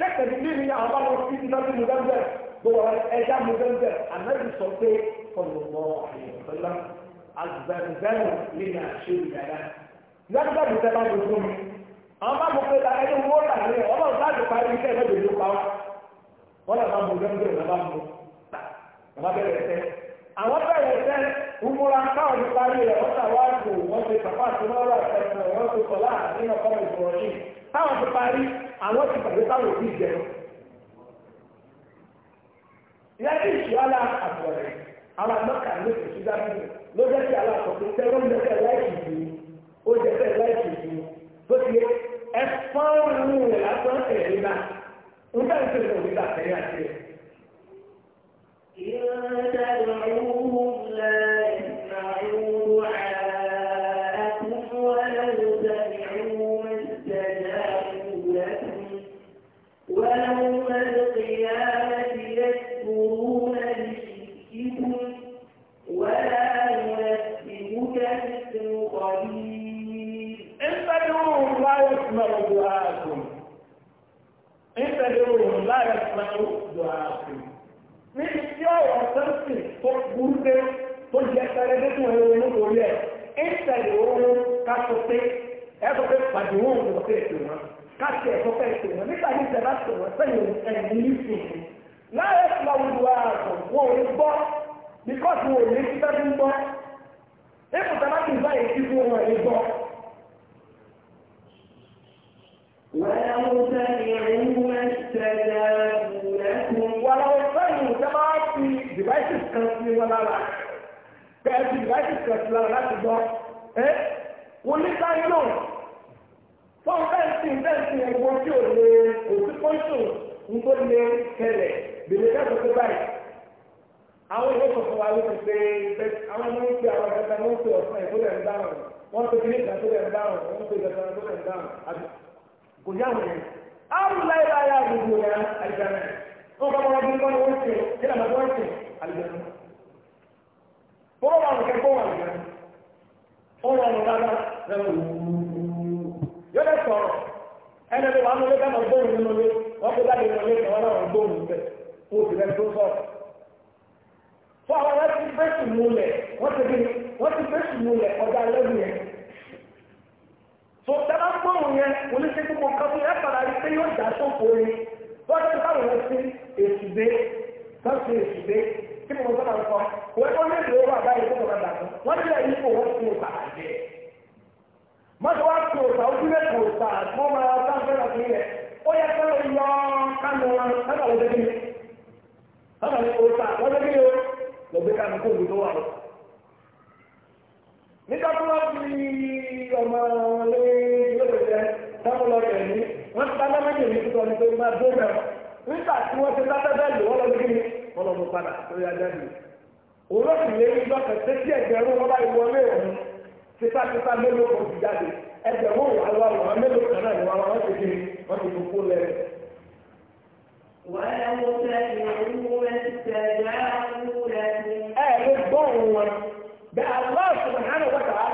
sẹ́kẹ̀ ní bí mi ní àwọn bá lọ sí iná sí mozambique gbogbo àwọn ẹja mozambique anabi sọ pé ọlọmọ àyẹ̀fẹ́lá azẹ̀mùzẹ̀mù lè ní àṣẹ ìdáyà nígbà tó tẹ́ bá gbogbo mi àwọn bá mọ̀ pé ta ẹni wó là ní ẹ̀ ọlọ́run bá ti parí iṣẹ́ ẹ̀rọ ìlú pa wọn làbá mozambique làbá mọ làbá bẹ̀rẹ̀ tẹ́ àwọn bẹ̀rẹ̀ tẹ́ umura káwọn ti parí rẹ̀ wọ́n tà wá kù wọ́n ti pàpà àti mọ́rọ̀ àti ẹ̀sìn wọ́n ti sọ̀lá àti nà àwọn ti pàdé táwọn òbí jẹ yàtí ìṣúwálà àbọ̀rẹ̀ àwọn àgbọ̀kà ló fi ṣúgá bíi ló jẹ́ kí àwọn àkọ́kọ́ tẹ́lẹ̀ ń jẹ́kẹ́ láìsí ìlú ó jẹ́kẹ́ láìsí ìlú tó ti ẹ̀fọ́n rú rẹ̀ lásán ẹ̀rí náà ń bẹ́ẹ̀ ń tẹ̀lé òbí bàtẹ́ lẹ́nu òun ló sì lé nígbà kẹsẹ́ tí ẹgbẹ̀rún wọn bá ìwọlé òun títàtítà mélòó kan ti jáde ẹgbẹ̀rún wà lọ àwọn mélòó kan náà ni wọn wọn ti kiri wọn ti fò kó lẹ́nu. ẹ ló gbọ́ òun wọn bẹ́ẹ̀ aláwọ̀ sọ̀rọ̀ hánà wọ́n bá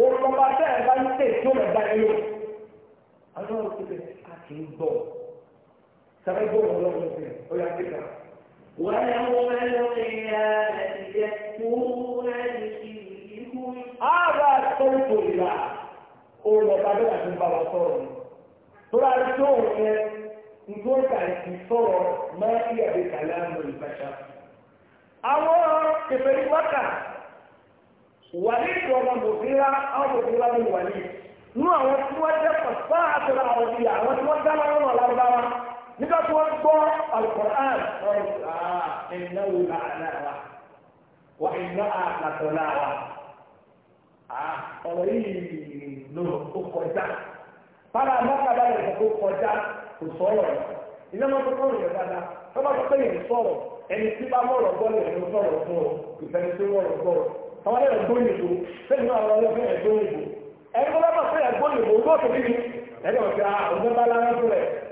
òun lọ́ba bẹ́ẹ̀ bá ń tẹ̀ tó lọ́ba lọ. a ويوم القيامة يكفرون بشركهم هذا صوت الله قول بابلا في البلاطون ترى الصوت نقول كان الصور ما هي بكلام البشر àwọn kèfèrí wákà wàlí ìjọba mòfíra àwọn mòfíra ní wàlí nú àwọn tí wọ́n jẹ́ pàṣẹ àtọ́ra àwọn ìyá àwọn tí wọ́n dá lọ́wọ́ làwọn bá wa nígbà tí wọ́n gbọ́ alukur'an wọ́n yìí ah wò lọ wa wà iná àtàtọ̀ náà wa ah ọ̀rọ̀ yìí ló ó kọjá fara mọ́kàlá rẹ̀ kò kọjá kò sọ̀rọ̀ iná máa tó kọ́rọ̀ yẹn dáadáa tọ́ba tó pé sọ̀rọ̀ ẹni tí bá mọ̀rọ̀ gbọ́ fún ọ tó gbọ́ àwọn sẹ́yìn náà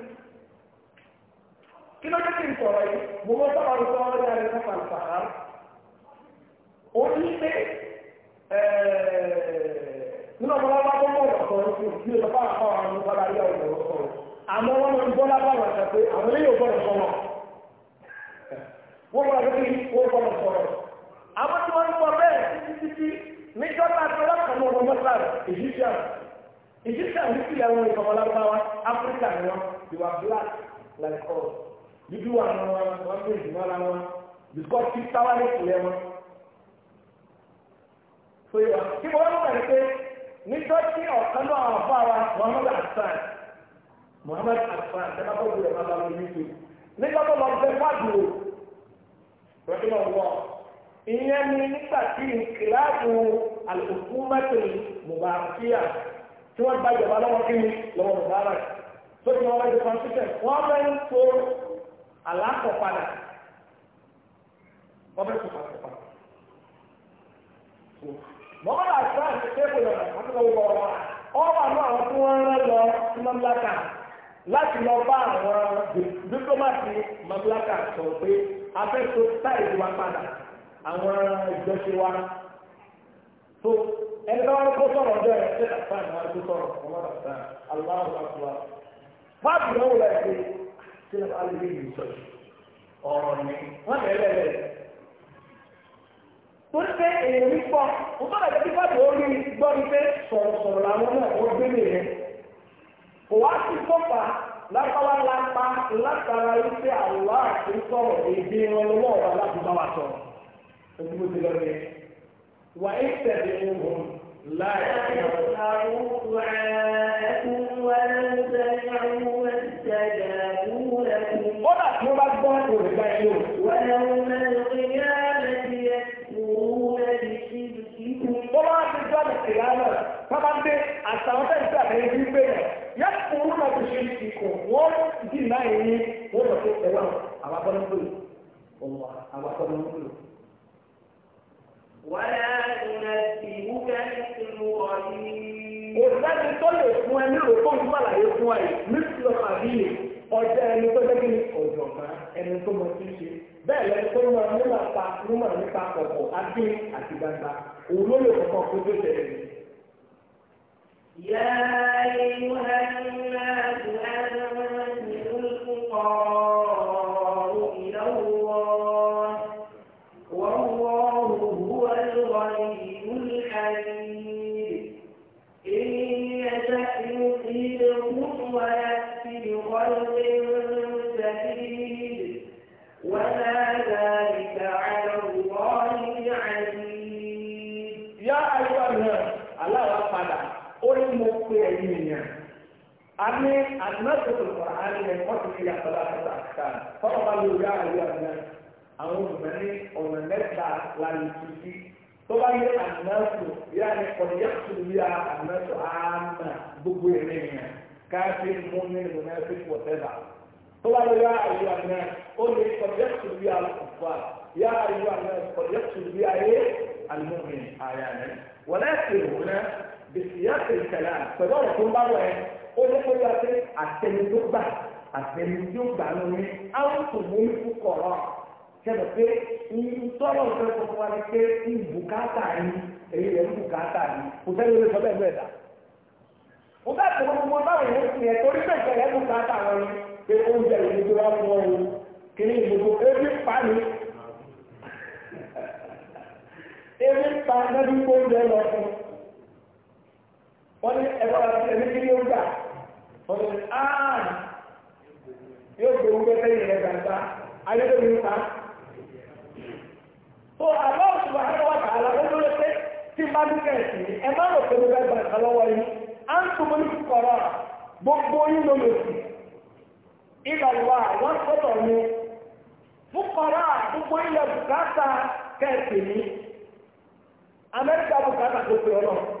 kí ló dé tí ń sọ̀rọ̀ yìí mo mọ́ sábà ń sọ ọ́ dáre fún fàǹfàá ó ní pé nínú ọmọ wọn bá tó mọ̀ ọ̀sọ̀ ní ìlú ìlú bá àwọn àwọn ọmọ bá yà ọ̀dọ̀ ọ̀sọ̀ àmọ́ wọn ń bọ́ lábá wọn àti pé àwọn ilé yóò gbọ́dọ̀ sọ wọn wọ́n wọ́n lórí wọ́n gbọ́dọ̀ sọ̀rọ̀ àwọn tí wọ́n ń sọ bẹ́ẹ̀ títí títí ní ìjọba tó lọ́kàn mọ́ ọmọ mọ́tà èjìṣà èjìṣà ní ìlẹ̀ wọn ìfọmọlágbáwá áfíríkà ni wọn ìwà black like us níbi wà nù wọn wọn tó ìdùnnú ara wọn bìkọ́ tí táwa lè kúlẹ̀ wọn. so yẹ wa kí wọ́n mọ̀ ní pé níjọ́ tí ọ̀kan náà àwọn afọ àwa Muhammad Hasan Muhammad Hasan ṣẹlá tó gbé ẹ̀ka lọ́wọ́ ní ìlú nígbà tó lọ bẹ fáàdùrò rẹ́díò wọ̀ ìyẹn ni nígbà tí ìkìláàbù àlùkù mẹ́tìrì mùbàkíyà tí wọ́n gbàjọba lọ́wọ́ kí ni lọ́wọ́ mùbàrà tó ti wọ́n bá ti kọ́ńtítẹ̀ wọ́n bẹ́ẹ̀ ń so alákọ̀padà ọbẹ̀ tó padà padà. mọ́kànlá àṣà ìṣẹ́kù lọ àtúntò wọ ọ̀rọ̀ àwọn àwọn tí wọ́n rán lọ sí mamlaka láti lọ bá àwọn diplomacy mamlaka sọ pé abẹ́tò táìlì wa padà àwọn ìjọsìn wa tó ẹni tó wọn kó sọ̀rọ̀ ọjọ́ ẹ̀ ṣe àṣà ìwádìí sọ̀rọ̀ ọmọdé àṣà aláwọ̀ àṣà. má bìí náà wọlé ẹ̀ kí ló bá lè yí sọ yìí ọ̀rọ̀ ni wọ́n lè lẹ́lẹ̀. tó ṣe ọrụ ọrụ bá bàjẹ́ bí bàbá orí gbọ́ ní pé sọ̀rọ̀sọ̀rọ̀ làwọn náà wọ́n gbé lè yẹn. kò يوم القيامة يكفرون بشرككم طبعا في جواب القيامة طبعا دي السلامة الإسلام هي في بينا يكفرون بشرككم ودينائهم ورسول الله أما بنقول والله أما بنقول ولا تنبئك مثل رهيب òṣìṣẹ́ tó lè fún ẹni rò tó ń sàlàyé fún ẹ nítorí ọ̀pá bíi ọjọ́ ẹni tó jẹ́ kí ni ọ̀jọ̀gbọ́n ẹni tó mọ tí ń ṣe bẹ́ẹ̀ lẹ́nu tó máa ní máa pa ní máa nípa kọ̀kọ̀ adé àti gbangba òun ló lè kọ̀kọ́ kó tó tẹ̀lé. Yá inú ẹ̀rọ ẹ̀rọ ẹ̀rọ الفقراء إلى الله والله هو الغني الحميد إن يشأ يصيبكم ويأتي بخلق pé ẹ̀yìn ènìyàn a ní àdínàtòkò kọ̀ọ̀rọ̀ á ní ẹ̀kọ́ ti fi àtọ́lá àtọ́lá àtọ́lá fọ́nà bá lórí àríwá àdínà àwọn olùmọ̀ ní ọ̀nà mẹ́ta láyé tuntun tó bá yẹ àdínàtò yá ni kọ̀ọ̀yẹ́tò yá àdínàtò àmà gbogbo ẹ̀rẹ́ yẹn káfí múni múnafí wọ̀tẹ́bà tó bá yẹ àríwá àdínà ó lè kọ̀ọ̀yẹ́tò yá àkùfà yá àríwá àdínà kọ̀ọ̀yẹ́tò yá ayé bìsíyà kìrìtẹ̀lá pẹ̀lú ọ̀rọ̀ tó ń bá wọ̀ ẹ́ ó yẹ kó yára pé àtẹni tó gbà àtẹni tó gbà ló ní àwọn tó mú mi fún kọ̀ọ̀rọ̀ sẹ́nu pé ntọ́lọ̀ ń fẹ́ fọ́fọ́ wa ni pé ń bùkátà ni èyí rẹ̀ ń bùkátà ni kò sẹ́ni ló sọ bẹ́ẹ̀ bẹ́ẹ̀ dà. mo bá tẹ̀lé gbogbo báwo ni ó ti yẹ torí pé ìfẹ́ yẹn bùkátà wọn ebi pa ebi pa nábì kó oúnjẹ lọ fún wọ́n ní ẹ̀rọ àti ẹ̀mí kí ni ó gbà wọ́n ní áàn yóò gbé owó lẹ́yìn rẹ̀ gbàgbá ayélujára ń ta. tó àbá òṣùwà àti wà kàlà ó ló lè pé tí bá ní kẹ̀sì ẹ má lò pé mo fẹ́ gbà kan lọ́wọ́ yín á ń tún mo ní kọ̀rọ̀ gbogbo yín ló lè ìgbàlùwà wọ́n sọ̀tọ̀ mi fúkọ̀rọ̀ gbogbo yín lọ bùkátà kẹ̀sì mi amẹ́ríkà bùkátà tó pè ọ́ náà.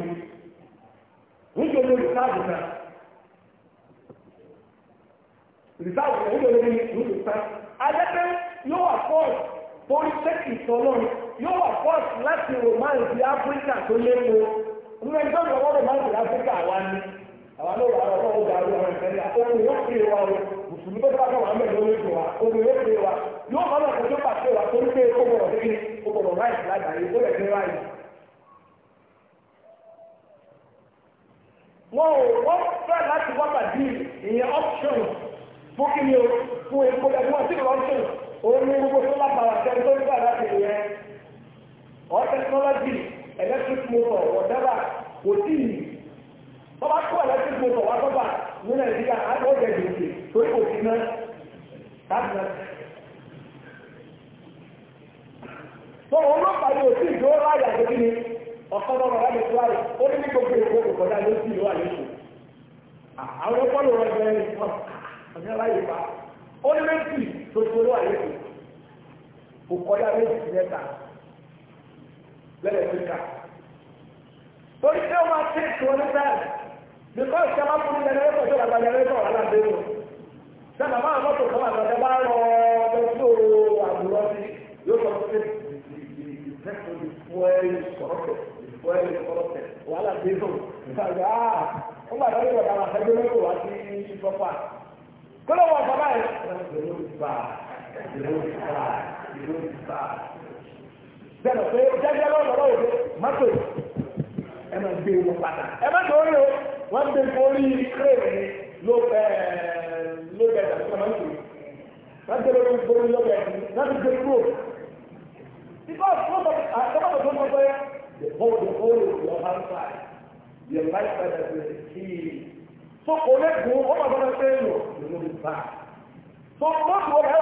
níjọ ló rìsáàbù kan rìsáàbù kan ní ìlú kan adẹ́pẹ́ yóò wà fọ́ọ̀sì torí tẹ́kì sọlọ́run yóò wà fọ́ọ̀sì láti romáǹsì áfíríkà tó lépo nínú ẹgbẹ́ ìgbàgbọ́ romáǹsì áfíríkà wa ni àwọn o mùsùlùmí tó bá wa yóò wa yóò wa wọ́n ò wọ́n fẹ́ láti wá bàdí ìyẹn option fún kí ni o fún epo ẹgbẹ́ wọn sí gbogbo tó tẹ́ tó ń gbà láti ìyẹn or technology electric motor whatever kò tí ì bọ́bá tó electric motor wá bọ́bà ní nàìjíríà á lọ́ọ́ jẹ gbèsè torí kò sí náà láti náà. ọ̀kan lọ́rọ̀ wà lè tó àlè ó ní gbogbo èkó òkòdá ló sì ló wà lóṣù àwọn ọkọ̀ lọ́rọ̀ jẹ́ ọ̀nà láyé pa ó ní méjì tó tó ló wà lóṣù òkòdá ló sì mẹ́ta lẹ́lẹ̀ fíkà torí pé ó máa tẹ̀ tó ní sáà nípa ìṣẹ́wá fún ilẹ̀ náà lọ́pọ̀ tó làgbà yẹn lọ́pọ̀ aláàbẹ̀rù sábà máa mọ́tò kan àgbàdo bá rọ ọdún tó àbúrò sí yóò sọ pé ìfẹ́ tó ti fún ẹ sọ̀rọ̀ bẹ̀rẹ̀ wọ́n yẹ kọ́ lọ́tẹ̀ wàhálà dé tó ṣàgbà áà ó bàtà ní ìwọ̀n àwọn akẹ́gbẹ́ mẹ́kọ̀ wá sí ìfọ́fà kọ́lọ́ wọn bàbá yẹn. ìlú ìfà ìlú ìfà ìlú ìfà. bẹ́ẹ̀ pé jẹ́jẹ́ lọ́wọ́ òde mọ́tò ẹ máa gbé wọn padà ẹ má tó rí o wọ́n gbé forí kírèmì ló fẹ́ ló fẹ́ tàbí wọ́n gbé lórí forí ló fẹ́ tàbí wọ́n gbé kúrò. because the whole, the whole of your hand side. Your life side has been healed. So connect to what I'm going to you, know back. So not what I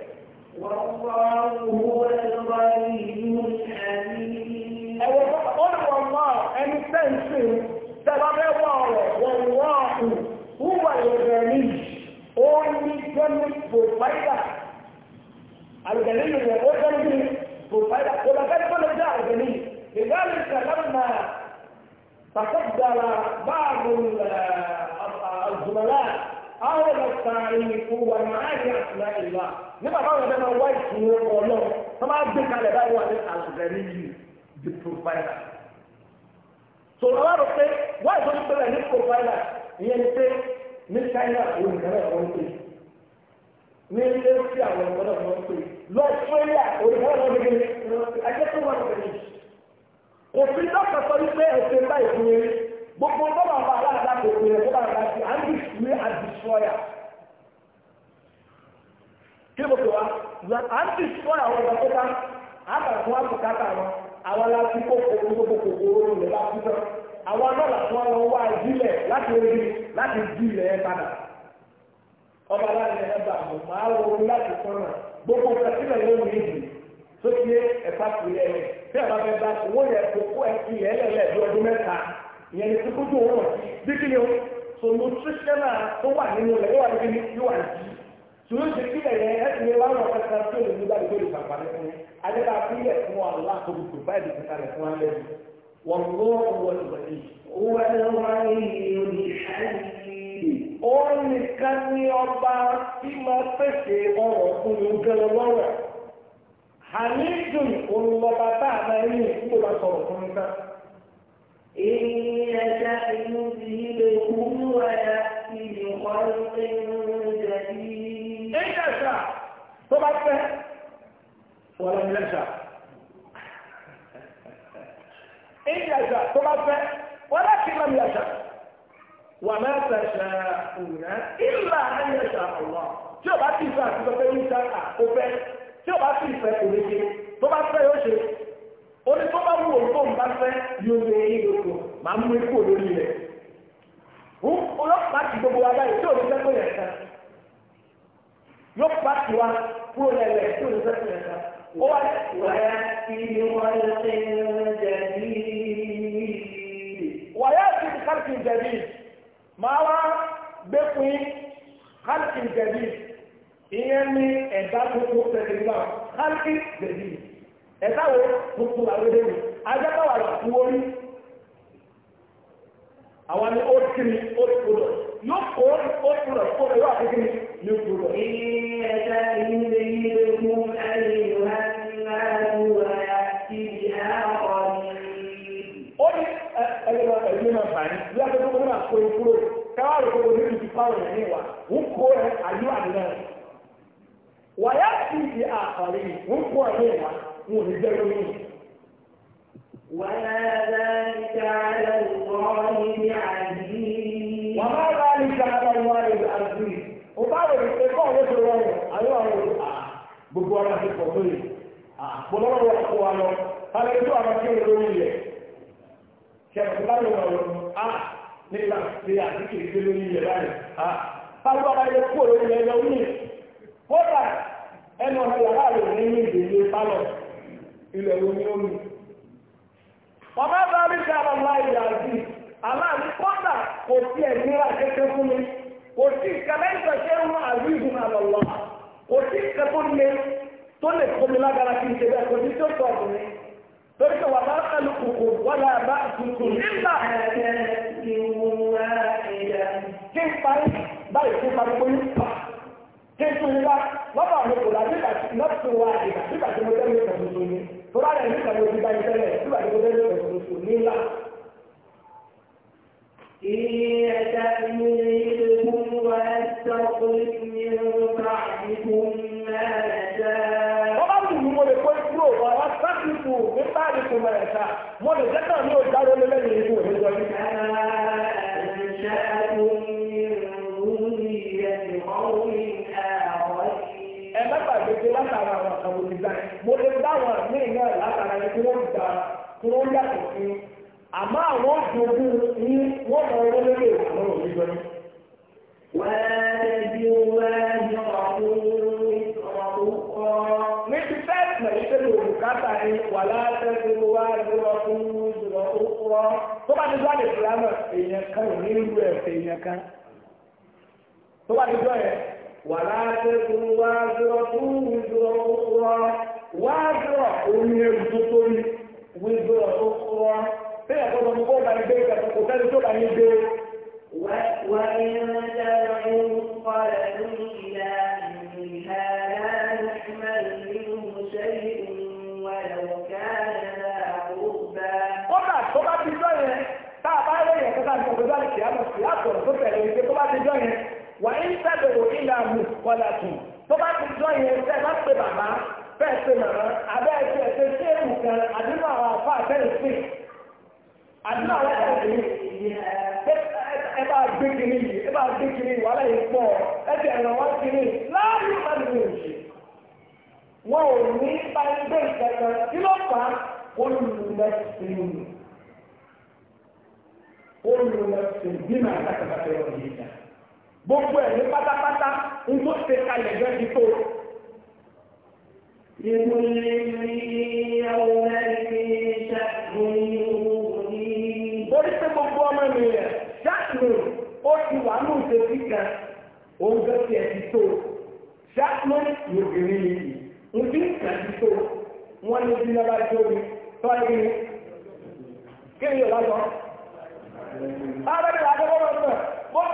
Ẹni tẹ́ǹsì tẹ́lábẹ́wà ọ̀rọ̀ wọ̀n wọ́ọ̀kù, wúwà ìrẹ̀lì, ó ní jẹ́mí pòfáìdà. Àrùgẹ̀lì rẹ̀ ó jẹ́mí pòfáìdà, kò lọ́gẹ́ tó lè jẹ́ àrùgẹ̀lì. Ìgbàlì ìṣẹ̀lẹ́mà tàkọ́gbàrà báàrùn-ún àwọn ọ̀sán ìkú wà máa rí àtúná ìlà nígbà táwọn ẹgbẹ́ máa wá ìsìn orúkọ náà máa gbé kalẹ̀ báyìí wà ní àlùbẹ̀rẹ̀ yìí the provider. tó o wá rò pé wá ìsọ ní pẹ̀lẹ́ ní provider ìyẹn ni pé ní China òun ìkànnì àwọn pè ní ilé sí àwọn ìkànnì àwọn pè lọ Australia òun ìkànnì àwọn pè ní ajẹ́ tó wà ní pẹ̀lú. dọ́kítà sọ gbogbo bọ́lá ọba aláàdá kò pèrè tó bá ga sí àndí ìwé àdìsọ́yà kí ló pè wá àndí ìsọ́yà wọn ọ̀dọ́ pípa àtàkùn àbùkátà wọn àwọn aláàbí kò kòkó gbogbo kòkòrò rẹ̀ bá kú tán àwọn anọ́là tí wọ́n lọ wá ìdílẹ̀ láti orí láti di ilẹ̀ ẹ padà ọba aláàdá ẹ bá mọ̀ máa wọ orí láti sọ́nà gbogbo kẹsílẹ̀ lóhùn ìdì tó ti ẹ̀fà kù yẹ bí ẹ̀ bá bá owó yẹ kókó ẹ̀ fi ìyẹn ní kókó tó wọ̀ bí kí ni o tó ló tírísítẹ́nà tó wà nínú rẹ̀ yóò wà níbi yóò wà jí tó ló ṣe kílẹ̀ yẹn ẹ̀sìn ní wàhálà kẹta tó lè ní gbàgbé lè fàǹfààní fún mi adébá fílẹ̀ fún wa lákòókò tó báyìí lè kíkà rẹ̀ fún wa lẹ́yìn wọ́n lọ́ wọ́n ìwọ̀nyí. wọ́n wá òun nìkan ní ọba tí máa pèsè ọrọ̀ fún mi gẹ́lẹ́ lọ́rọ̀ àníjù òun lọ́ba tá a máa ń bá sọ̀rọ̀ fún mi náà tó bá fẹ́ wọ́n lẹ́sà ìyàṣà tó bá fẹ́ wọ́n láti lọ́m yàṣà wà máa tẹ̀sà òyìnbá ìlà ayẹ̀ṣà ọ̀wọ́ tí o bá ti fẹ́ àti sọ pé ní sáà ó bá ti fẹ́ kò lè tó bá fẹ́ yóò ṣe ó tó bá wù òun bá fẹ́ o lé yín lóko màá mú ikú olórí rẹ̀ ọlọ́pàá ti gbogbo tí fẹ́ kó yẹ ká yóò kúrò lẹ́lẹ̀ tí fẹ́ kó yẹ ká ó wà tí wọ́n jẹ̀bi máa wá jẹ̀bi ìyẹn ní ẹ̀dá tó jẹ̀bi. ẹ̀sáwò gbogbo àwọn èdè mi ajẹ́kọ̀wà lọ fún orí àwọn ni ó ti ní ó ti kúrò yóò kó ó ti kúrò kó ẹ̀rọ àti kíni ní kúrò. ìyẹ́ta ilé ilé mú ẹ̀yìn wá láàrú àti àwọn ó ní ẹgbẹ́ náà ẹgbẹ́ náà bàní bí a fẹ́ kókó náà kó e kúrò káwá rẹ̀ kókó ní ìdí pàrọ̀ yẹn ní wa ń kó ẹ̀ àyíwá nínú ẹ̀ wàyà sí ìdí àkàrí ń kó ẹ̀ ní ìwà. wọn ò ní jẹ́ lómi. ذلك على الله بعزيز وما ذلك على الله بعزيز وبعد الإقامة يقول أيوه gbogbo ara ti pọ̀ lóye àpòlọ́wọ́ wa kó wa lọ ilẹ̀ wo ni ó mi. ọba bá rí sára láì yàtì aláàbí kọ́tà kò sí ẹ̀míra kékeré fún mi kò sí ìkàlẹ́ ìgbàṣẹ́ ń wá àríwùn àlọ́lá kò sí ìkàtó lé tó lè kómi lágara kí n ṣe bẹ́ẹ̀ kò sí tó tọ̀ ọ̀dùn mi torí pé wàá bá kálù kùkù wọ́n bá tutù nígbà kí n parí báyìí kí parí pé pa kí n tún wá lọ́bàá mi kò láti nígbà tí tí mo tẹ́lẹ̀ ìgbà tuntun yìí tó bá rẹ̀ nígbà tó ti bá tẹ́lẹ̀ nígbà tó bá yín tẹ́lẹ̀ kò nílá. إياك يريدكم ويستخلف من بعدكم ما يشاء. wọ́n bá wù mí mo lè kó ikú òwò àwọn sáfìkù nípa àdìkù mẹ́ta mo lè jẹ́ náà ní òjá lólé kan mo ti gbà mo lè bá àwọn míì náà látara yẹn kí wọ́n gbà kí wọ́n yàtọ̀ sí i àwọn òjòjú ní wọ́n mọ owó lórí àwọn òbí jọ ní. wẹ́ẹ́dì wẹ́ẹ́dì ọ̀hún ọ̀húnkọ́. ní ti fẹ́ẹ̀sì náà yìí tẹ̀lé òbúkátà ni wà látẹ̀sí wájú tó ولا تكن وازرة وزر أخرى وازرة ومن الزطل وزر أخرى فيها قد مقوم عن بيتك فقتل تقول عن البيت وإن تدعو قلب إلى منها لا يحمل منه شيء ولو كان ذا قربى قربى قربى في الدنيا تعب عليه كذا أنت كذلك يا مسيح أكبر قربى لو كنت قربى في الدنيا wọ́lá tù tó bá ti jọ yẹn fẹ́ bá pe bàbá fẹ́ pe màmá abẹ́ ẹ̀ṣẹ̀ ẹ̀ṣẹ̀ sí èmù kan àdúrà àwọn afọ àtẹ̀sí àdúrà àwọn àtẹ̀sí ẹ bá gbé kiri yìí ẹ bá gbé kiri yìí wàhálà yìí pọ̀ ẹ ti ẹ̀rọ wá kiri láàyè má lè lè yìí wọn ò ní báyìí gbé ìtẹ̀kọ̀ kí ló fà á olùmọ̀sẹ̀lú olùmọ̀sẹ̀lú bí màá kàkàkà yọ̀ yìí náà gbogbo ẹ̀ ní pátápátá ń tó ṣe kalẹ̀ gẹ́gẹ́ bí tó. Orí pé gbogbo ọmọ mi rẹ̀ ṣáàtìmù ó ti wà ní òṣèlú kan, òun gẹ́gẹ́ ti ẹ̀ ti tó. Ṣáàtìmù ni obìnrin ni yìí, ń bí ìkà ti tó. Wọ́n ní bí lọ́ba tí ó rí, tọ́ ẹ̀ ní. Kí ni yóò lọ́jọ́? Báwo ni àjọ bọ́ bọ́ bọ́?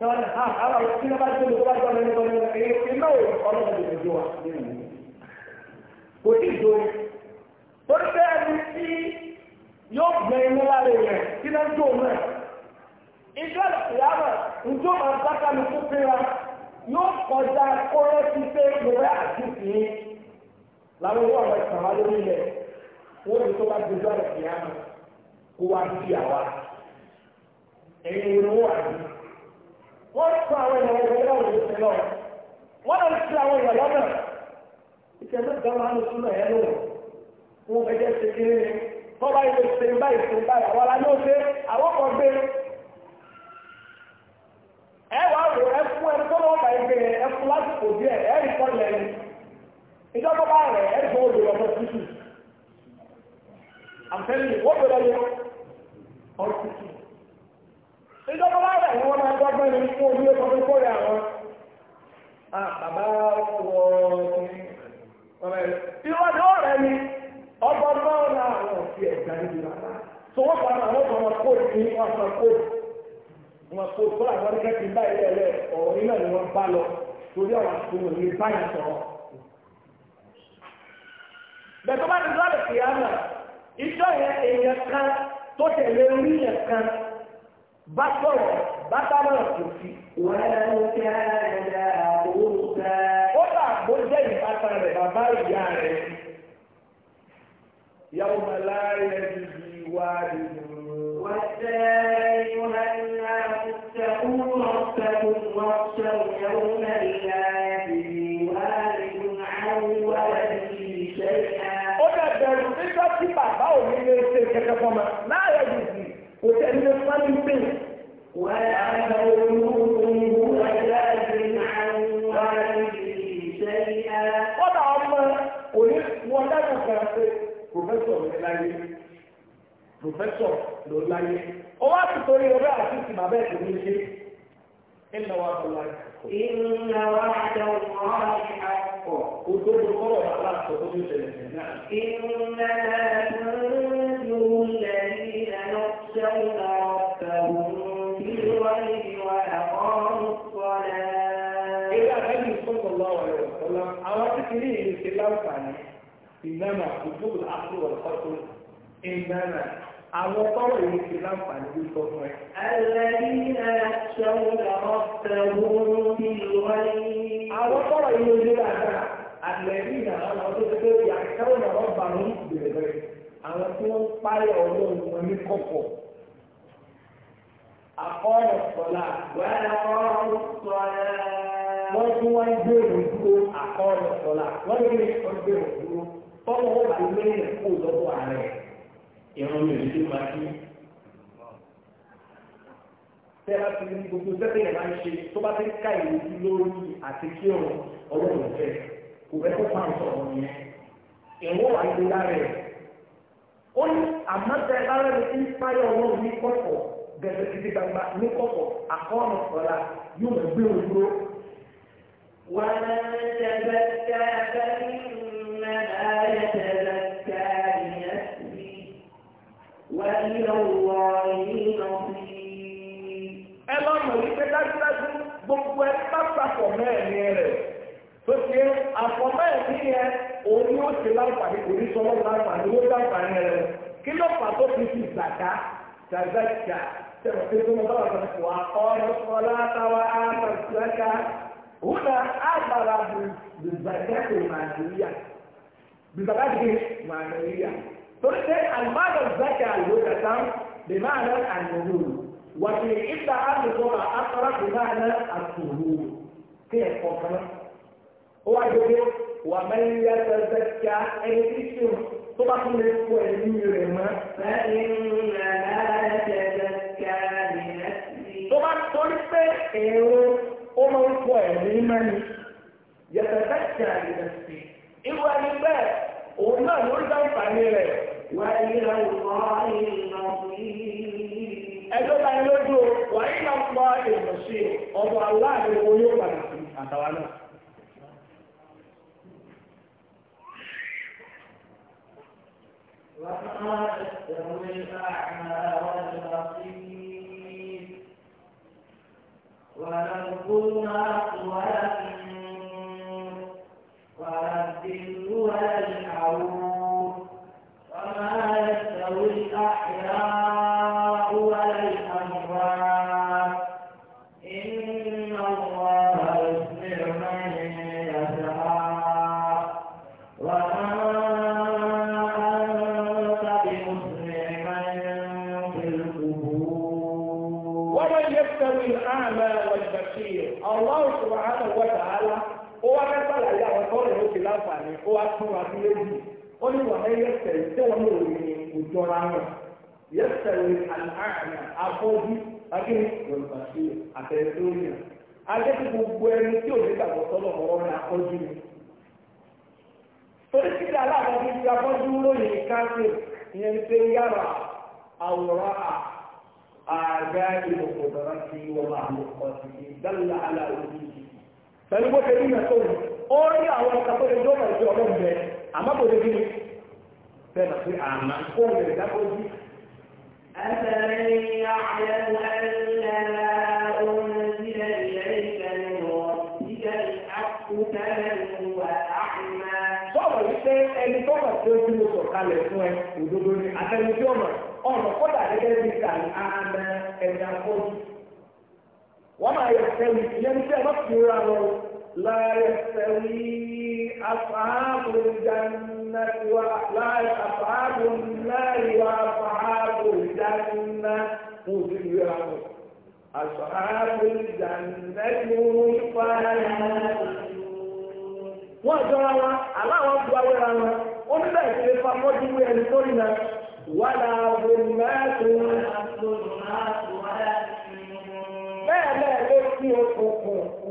wọ́n ha hàn ara rẹ̀ kí ló bá tó lè wá jọ lẹ́nu lọ́wọ́ lẹ́nu èyí ti náà yọ ọlọ́run lè jọ wa. kò tí ì dóni torí pé ẹni tí yóò gbẹ inú lára rẹ̀ kí náà tó mẹ́. ìjọ ìyáàmà wọ́n tún àwọn èèyàn wọ́n wọlé àwọn èèyàn lọ wọ́n lọ sí àwọn èèyàn lọ́nà ìṣẹ̀lẹ̀ gan máa ń sún náà yẹn wọ́n fẹ́ jẹ́ ṣe kéré ni wọ́n bá yẹ ṣe báyìí ṣe báyìí àwọn ará yóò ṣe àwọn kan gbé ẹ wò ẹ fún ẹni tó lọ́wọ́ báyìí gbé ẹ fún lásìkò díẹ̀ ẹ rí kọ́ ìjọba bá rẹ̀ ẹ tútù wọ́n fẹ́ ọ̀rọ̀ ìjọba lára ni wọ́n máa ń dọ́gbọ́n ní fún omi ọkọ̀ tó kórè àwọn. a bàbá wọ ìwọ ni ọ̀rẹ́ mi ọgbọ náà náà àwọn òsì ẹgbà níbi bàbá tó wọn pa àwọn ọmọ wọn kó ní wọn sọ kó wọn kó kó àwọn ní kẹ́kì bá ilé ẹlẹ ọ̀rọ̀ nílẹ̀ ni wọ́n bá lọ torí àwọn àtúntò ní báyà sọ̀rọ̀. bẹ̀tọ́ bá ti lọ́ọ̀dẹ̀ kìí àná ìjọ yẹn èèyàn kan tó tẹ̀lé orí yẹn kan bákọ̀rọ̀ bákàrọ̀ òfin. wọ́n ń ká ẹ̀dá òwúta. ó dà bó jẹ́ ìbátan rẹ̀ bàbá ìyá rẹ̀. yàwó màláyé bíbí wá nínú. wọ́n tẹ́ ìwọ̀n náà ṣẹ́kù wọ́n ṣẹ́kù wọ́n ṣẹ́kù yàwó pòfẹ́sọ̀ ló láyé ó wá ti torí ọbẹ̀ àti ìsìn bàbá ẹ̀ tó ní ṣe ìnà wa bọ̀ láyé. Ìnà wa jẹ́ wọ́n akọ̀. Òdodo kọ́rọ̀ bàbá àtọ̀ tó ní ìṣẹ̀lẹ̀ náà. Ìnà lẹ́nu lẹ́yìn ẹ̀rọ ṣẹ́wọ́n náà tẹ̀wọ́n bí wọ́n ní wà àkọ́rù sọ́lẹ̀. Ilé àgbẹ̀bí sọ̀tọ̀ lọ́wọ́ rẹ̀ ọ̀tọ́lá. Àwọn kékeré yìí ṣe láǹfààní. Ìnáma ìjókòó àkúrò ọ̀pọ̀ tó. Ìnáma àwọn tọ́wọ̀ yìí ti láǹfààní ló sọ fún ẹ. Àlàyé àṣàwọn àwọn tẹ̀wọ́n ti wáyé. Àwọn tọ́wọ̀ yìí ló dé dáadáa. Àlàyé àwọn àwọn tó ti pé bí àṣàwọn àwọn bàrún ń bèrè bẹ́ẹ̀. Àwọn tí wọ́n ń parí ọ̀rọ̀ wọn ní kọ̀kọ̀. Àkọ́ọ̀rọ̀ sọ̀la. Wẹ́n àkọ́ọ̀rọ̀ sọ̀la. Wọ́n tún wá ń gbèrò dúró àkọ́ọ̀rọ̀ sọ̀la. Wọ́n ní ìrún mi ò ní tó máa kí. Tẹ́ bá ti ní gbogbo sẹ́tẹ̀ yẹn máa ń ṣe tó bá ti ká ìlú lórí àti kí ọ̀rọ̀ ọlọ́run fẹ́ kò fẹ́ kó máa sọ̀rọ̀ yẹn. Ìwọ́n wà ní lára ẹ̀. Ó ní àmọ́tẹ́ lára mi ń páyọ̀ ọlọ́run ní kọ̀kọ̀ gẹ̀gẹ́ títí gbangba ní kọ̀kọ̀ àkọ́ọ̀nù ọ̀la yóò mọ̀ gbé òun dúró. Wọ́n á ń tẹ̀lé tẹ́lẹ̀ وإلى الله المصير ẹlọ́mọ̀ wípé dájúdájú gbogbo ẹ pápákọ̀ mẹ́ẹ̀mí rẹ̀ tó ṣe àfọ̀mẹ́ẹ̀mí yẹn òun ni ó ṣe láǹfààní kò ní sọ́wọ́ láǹfààní ló láǹfààní rẹ̀ kí ló fà tó fi fi zàká zàgbàjà tẹ̀wọ̀ pé kí wọ́n bá wà lọ́sọ̀ wà ọ̀rọ̀ ọ̀la táwa àmà zàká òun torí pé àlùmáàdà zákà ló kàtà lè máa ná àyẹ̀wò wàtí ìta àdùgbò bá akọ́rọ́ kò máa ná àtùrù kí ẹ̀ kọ̀ kan. ó wá dédé wà mẹ́rin yàtọ̀ zákà ẹni tí ṣe tó bá tún lè kó ẹni rẹ̀ mọ́. bẹ́ẹ̀ ni àlàyé zákà ni ẹ ti. tó bá torí pé ni ẹ òun náà ló ń dáǹfààní rẹ̀. wáyé lọ́wọ́ ìrànlọ́wọ́. ẹjọ́ ta ni lójú wáyé lọ́wọ́ ìrànṣẹ́ ọ̀dọ̀ aláàbẹ̀ wo yóò padà sí àtàwa náà. وما تستوي الأعمى والبصير ولو كنا قوة فأذن ولا وما يستوي الأحياء fún wa sí ó ní wà lẹ́yìn ẹsẹ̀ tẹ́wọ́n náà rí ni òjò ra wọn yẹsẹ̀ rí àlàáyà afọ́jú akéwì yorùbá sí àtẹ̀síwòyà adékò gbogbo ẹni tí òní gbàgbọ́ sọ́dọ̀ ọ̀rọ̀ ní afọ́jú ni. torí ti afọ́jú lónìí káńtì àwòrán ó rí àwọn ìtàkùnrin tó ìjọ ọlọ́run bẹ àmọ́ kò lè àmà kó dákọ́ sí. أفمن يعلم أنما أنزل إليك من ربك الحق كمن àmà ẹ̀dá لا يستوي أصحاب الجنة ولا أصحاب النار وأصحاب الجنة مذيعون أصحاب الجنة هم الفائزون wọ́n jọra wa aláwọ̀ bu awẹ́ra wọn ó ní bẹ́ẹ̀ ṣe fa mọ́jú wí ẹni tó yìnbọn wà láàbò mẹ́ẹ̀ẹ́dùn. bẹ́ẹ̀ bẹ́ẹ̀ ló fi okùn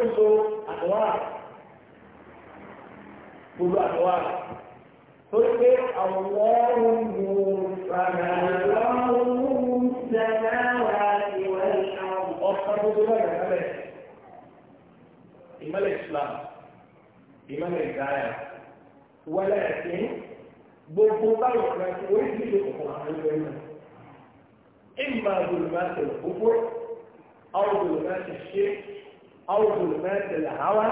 gbogbo àtọwà gbogbo àtọwà torí pé àwọn ọ̀rùn gbòòrò ìmọ̀lẹ̀ Islam ìmọ̀lẹ̀ ìdáyà wọlé ẹ̀sìn gbogbo báwọn ọ̀gá tí oríṣiríṣi kòkòrò àwọn ẹgbẹ́ náà. إما ظلمات الكفر أو ظلمات الشرك أو ظلمات الهوى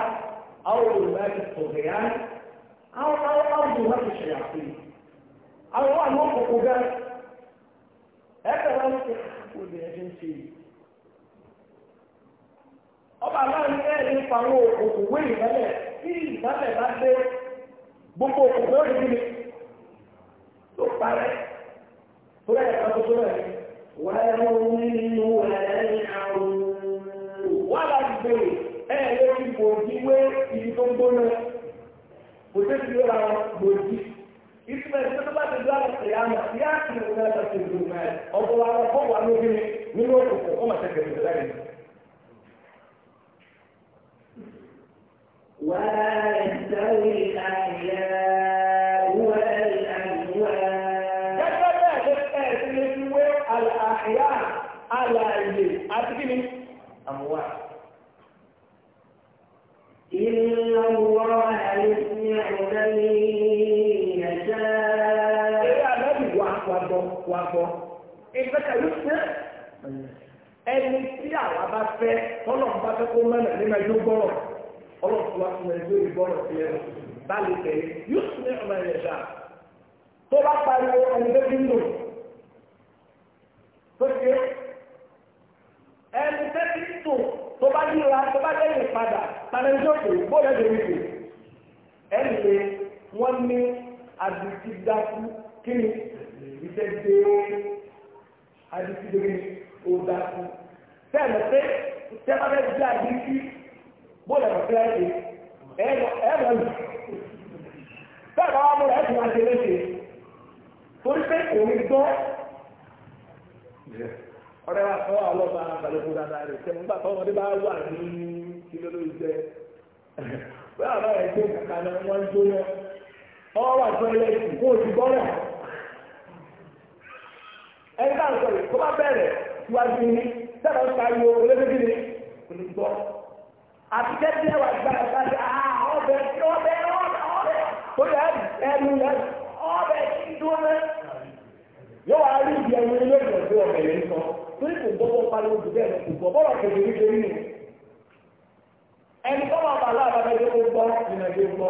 أو ظلمات الطغيان أو أو أو ظلمات الشياطين أو أنواع الحجاج هذا هو التحول بالجنسية ọba aláàrin ẹ̀rí ń parọ́ òkùnkùnwé ìbálẹ̀ tí ìbálẹ̀ bá dé gbogbo òkùnkùn òdìdí ni tó parẹ́ tó rẹ̀ ẹ̀ka tó tó rẹ̀ wọ́n nínú ẹ̀rí àrùn àgbèrè ẹ̀ẹ́dẹ́ ti gbòòjì wé ibi tó ń gbóná kò ti lóra ìtumẹ̀ tó bá ti ti dùn wà lóbi ni nínú òkùnkùn ìfẹ́kà yóò fẹ́ ẹni tí àwa bá fẹ́ tọ́lọ̀ bá fẹ́ kó mẹ́rin nínú ẹjọ́ gbọ́rọ̀ ọlọ́pàá wa fún ẹjọ́ ìgbọ́rọ̀ sí ẹ bá lè tẹ̀lé yóò sì ní ọmọ ẹ̀yẹ ṣá tó bá pariwo ẹni tó ti ń lò tó ṣe ẹni tó ti ń tò tó bá yíra tó bá lẹ́yìn padà tani ẹjọ́ kò bóyá lè rí kò ẹni pé wọ́n ní àdùtí dákú kí ni ìṣẹ́ dé àdìsí lórí ọ̀dà kù tẹ́lẹ̀ pé tẹ́lẹ̀ bí àdìsí bóòlù ẹ̀rọ fẹ́ẹ́ ṣe ẹ̀rọ lù bẹ́ẹ̀ bá wà mú ẹ̀sìn máa ṣe léṣe torí pé òun gbọ́ ẹni náà sọ yìí tó bá bẹ̀rẹ̀ síwájú ní sábà ń pariwo olóṣèlú ní olùgbọ́ àtijọ́ tí wà gba ẹ̀ka ṣe ah, ọbẹ̀ ọbẹ̀ ọbẹ̀ ọbẹ̀ ó yẹ ẹnu yẹ ọbẹ̀ dúró yóò wá rí ibi ẹni yóò yọ̀ sí ọbẹ̀ yẹn sọ torí kò gbọ́dọ̀ pariwo jù bẹ́ẹ̀ kò gbọ́ bọ́lá kò ní ṣe nínú ẹni tó wà bàlá àbábẹ́ yóò gbọ́ ìrìnàjò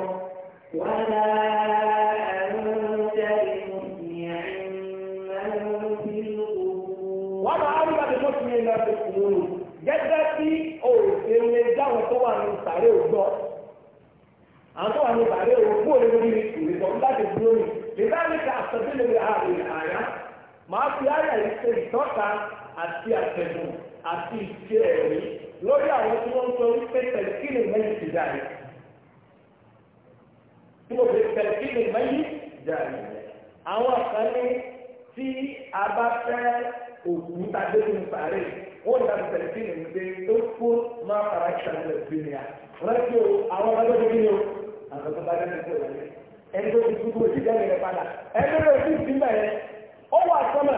ti kù ú gẹ́gẹ́ bí òòṣè lè dáhùn tó wà ní sàárè ògbọ́ àwọn tó wà ní sàárè ògbó lè rí ìrìsọ̀ láti dúró ní ìdáríkà àtẹ̀dúlẹ̀ rẹ̀ àrùn àyà máa fi àyà yìí ṣe ìtọ́ka àti àtẹ̀dùn àti ìṣe ẹ̀rí lórí àwọn tí wọ́n ń sọ wípé tẹ̀síkìlì mẹ́yìn ti dàrí tí mo fi tẹ̀síkìlì mẹ́yìn dàrí àwọn àkànní tí a bá fẹ́ òkú tàbí ní sàárè wọ́n yàrá tẹ̀lifí ní pé ó kó máa fara ẹ̀ṣẹ̀ ní ẹ̀sìn ní à. rántí o àwọn ọmọdé tó kí ni o àwọn tó bá dé ní ìṣòro yẹn ẹni tó ti dúró sí ìdáni rẹ padà ẹni rẹ sí ìsinmi rẹ ó wà sọmọ.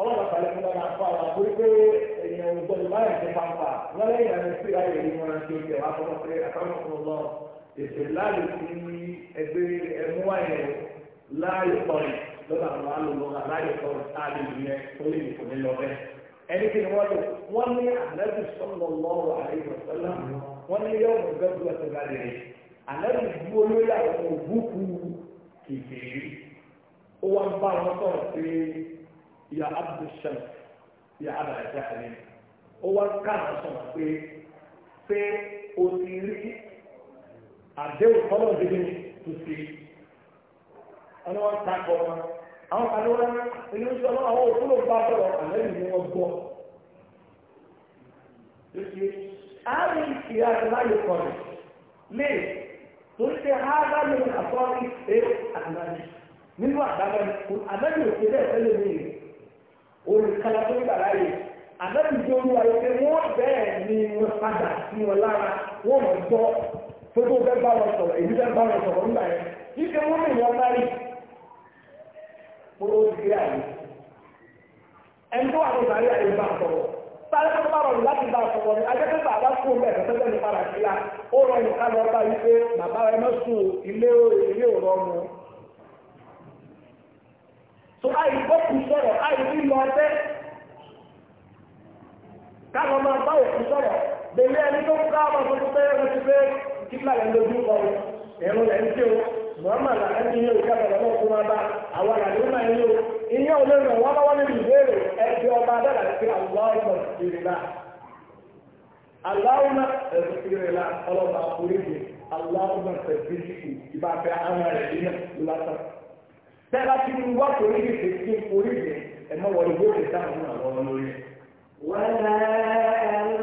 ọlọ́run àfàlẹ́ fún wọn àfọ àwọn àbúrò pé ènìyàn ò gbọdọ̀ máa ń ṣe pàmpà wọn lẹ́yìn àmì sí ìyá ìrìn wọn àti oúnjẹ wà fọwọ́ pé àtàwọn lọ ètò láàyè lọ́dọ̀ àwọn alùpùpù aláyè sọ̀rọ̀ sáàbì yẹn tó lè kò ní lọ bẹ́ẹ̀. ẹni tí wọ́n lò wọ́n ní ànábì sọ́nà lọ́wọ́ àríwọ̀sọ́lá wọ́n ní yóò mú gẹ́gẹ́ ọ̀sẹ̀ balẹ̀ rẹ̀ ànábì dúró lórí àwọn òbúkú kìkìrì ó wá ń bá wọn sọ̀rọ̀ pé ìyá abdulshan ìyá abàjá rẹ̀ ó wá ń ká àwọn sọ̀rọ̀ pé pé o ti rí àdéhùn kọ́lọ̀ ẹni wọ́n ta kọ́ wọn àwọn kan ní wọ́n rán ẹni wọ́n sọ wọn àwọn òkú ló bá sọ̀rọ̀ àlẹ́ ni wọ́n gbọ́. àárín ìyá àti láyé kọ̀ọ̀nù lè torí pé ága ló ń àtọ́ ní ṣe àtìmáyé nínú àgbàgbà àbẹ́bí òkè bẹ́ẹ̀ fẹ́lẹ́ mi olùkàlà tó ń gbà láyé àbẹ́bí tó ń wá yẹ pé wọ́n bẹ́ẹ̀ ni wọ́n padà sí wọn lára wọ́n mọ̀ gbọ́ tó tó bẹ́ẹ̀ bá wọn sọ̀rọ̀ èyí bẹ́ẹ̀ bá wọn sọ̀rọ̀ ńgbà yẹn kí ṣe wọ́n lè wọ́n bá rí mo ló ti kílẹ̀ àyè ẹni tó wà ní ìsàlẹ̀ àyè bá sọ̀rọ̀ sáré tó bá rọrùn láti bá sọ̀rọ̀ ni ajẹ́pẹ́ bàbá kú omi ẹ̀sẹ̀ tẹ́tẹ́ ní padà kílá ó rọrùn ká lọ bá pé bàbá rẹ mọ́ sùn ilé ilé ò rọrùn so àyè gbọ́kù sọ̀rọ̀ àyè lílọ ọtẹ́ ká lọ máa bá òkú sọ̀rọ̀ bèlé ẹni tó ká ọmọ tuntun pé ó ti pé kíkà lẹ́ lójú ọ̀run ẹ̀rùn lẹ̀ ń o muhammad àti ilé òkè àbàlà náà tó bá àwọn àlàyé máa ń yé o ìyẹn ò lè ẹgbẹ́ ọba adára sí aláwọ̀ ìrìnà aláwọ̀ ìrìnà ọlọ́ba orílẹ̀ aláwọ̀ ìrìnà ìbáfẹ́ àwọn rẹ̀ nínú lásán. tẹ́lá ti ń wá torí ìfẹ́ sí orílẹ̀ ẹ̀mọ́ wọlé bó ti dáhùn àwọn wọ́n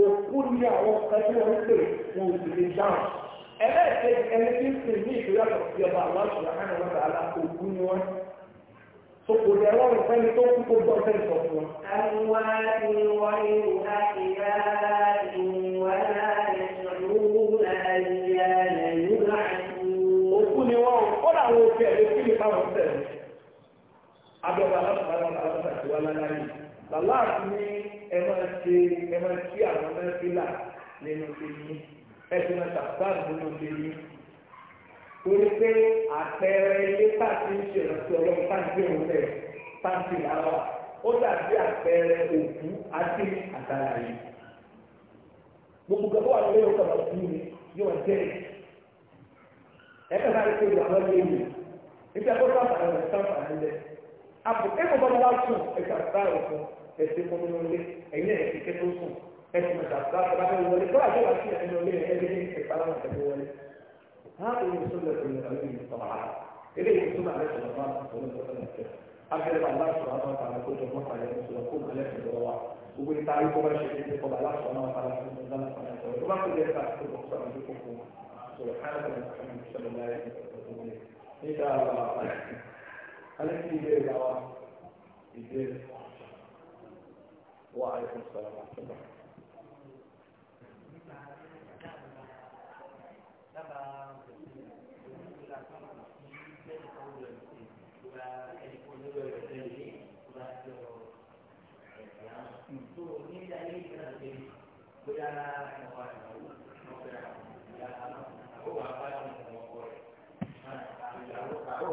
òkú ní àwọn ẹgbẹ́ wọn pè wọn ò sì dáhùn ẹlẹ́ẹ̀kẹ́ ẹni tí ń sìn ní ìlú yàtọ̀ sí ọba àwọn àṣùwà hánà wọn tààlà òkú ni wọn tó kò dé ẹwọ́n ìfẹ́ni tó kú tó gbọ́ fún wọn. àwọn òkú bàbá àti ní ẹ máa ṣe ẹ máa ṣí àwọn mẹ́fílà nínú tèmi ẹ ti máa ṣàkóso nínú tèmi torí pé àpẹẹrẹ ilé táàtì ń ṣèrántí ọlọ́run táàtì òun rẹ̀ táàtì làwà ó dàbí àpẹẹrẹ òkú àti àtàlàyé gbogbo gbogbo àwọn ilé yóò kọ̀ọ̀kan fún mi yóò jẹ́ ẹ̀ka náà ṣe ìgbà wọn lé mi nígbà tó sábà rẹ̀ sábà nílẹ̀ àpò ẹ̀kọ́ bá wá sùn ẹ̀ka sáà rẹ̀ ẹsẹ̀ fún nínú ilé ẹ̀yin náà ẹ̀sìn kẹ́tọ́ sùn ẹ̀sìn mẹ́ta bá bá fẹ́ wọlé kó àjọ àti ẹ̀sìn ọlé ẹ̀ẹ́dẹ́ ní ìpàdé wọn tẹ̀lé wọlé. láti ní sọ́lẹ̀ tó ní ọ̀lẹ́ yìí sọ̀rọ̀ àrà ilé yìí tó máa lẹ́sọ̀ lọ́wọ́ àtúntò ní sọ́lẹ̀ nìkẹ́. abẹ́rẹ́ bá aláṣọ àwọn ọ̀tá àti kójọ mọ́ta yẹn sọ kó máa lẹ́sọ̀ lọ́wọ́ wa gbogbo ìta ayé kọ́ba ṣe ní kọ́ba aláṣọ àwọn ọ̀tá àti kójọ mọ́ta yẹn sọ tó bá tó lẹ́sọ̀ àti kójọ mọ́ta yẹn sọ sọ̀rọ̀ káyọ̀ kan ní sọ̀rọ̀ láyé nígbà wà á lẹ́sìn ìbéèrè wa ìbéèrè wa alaikum salam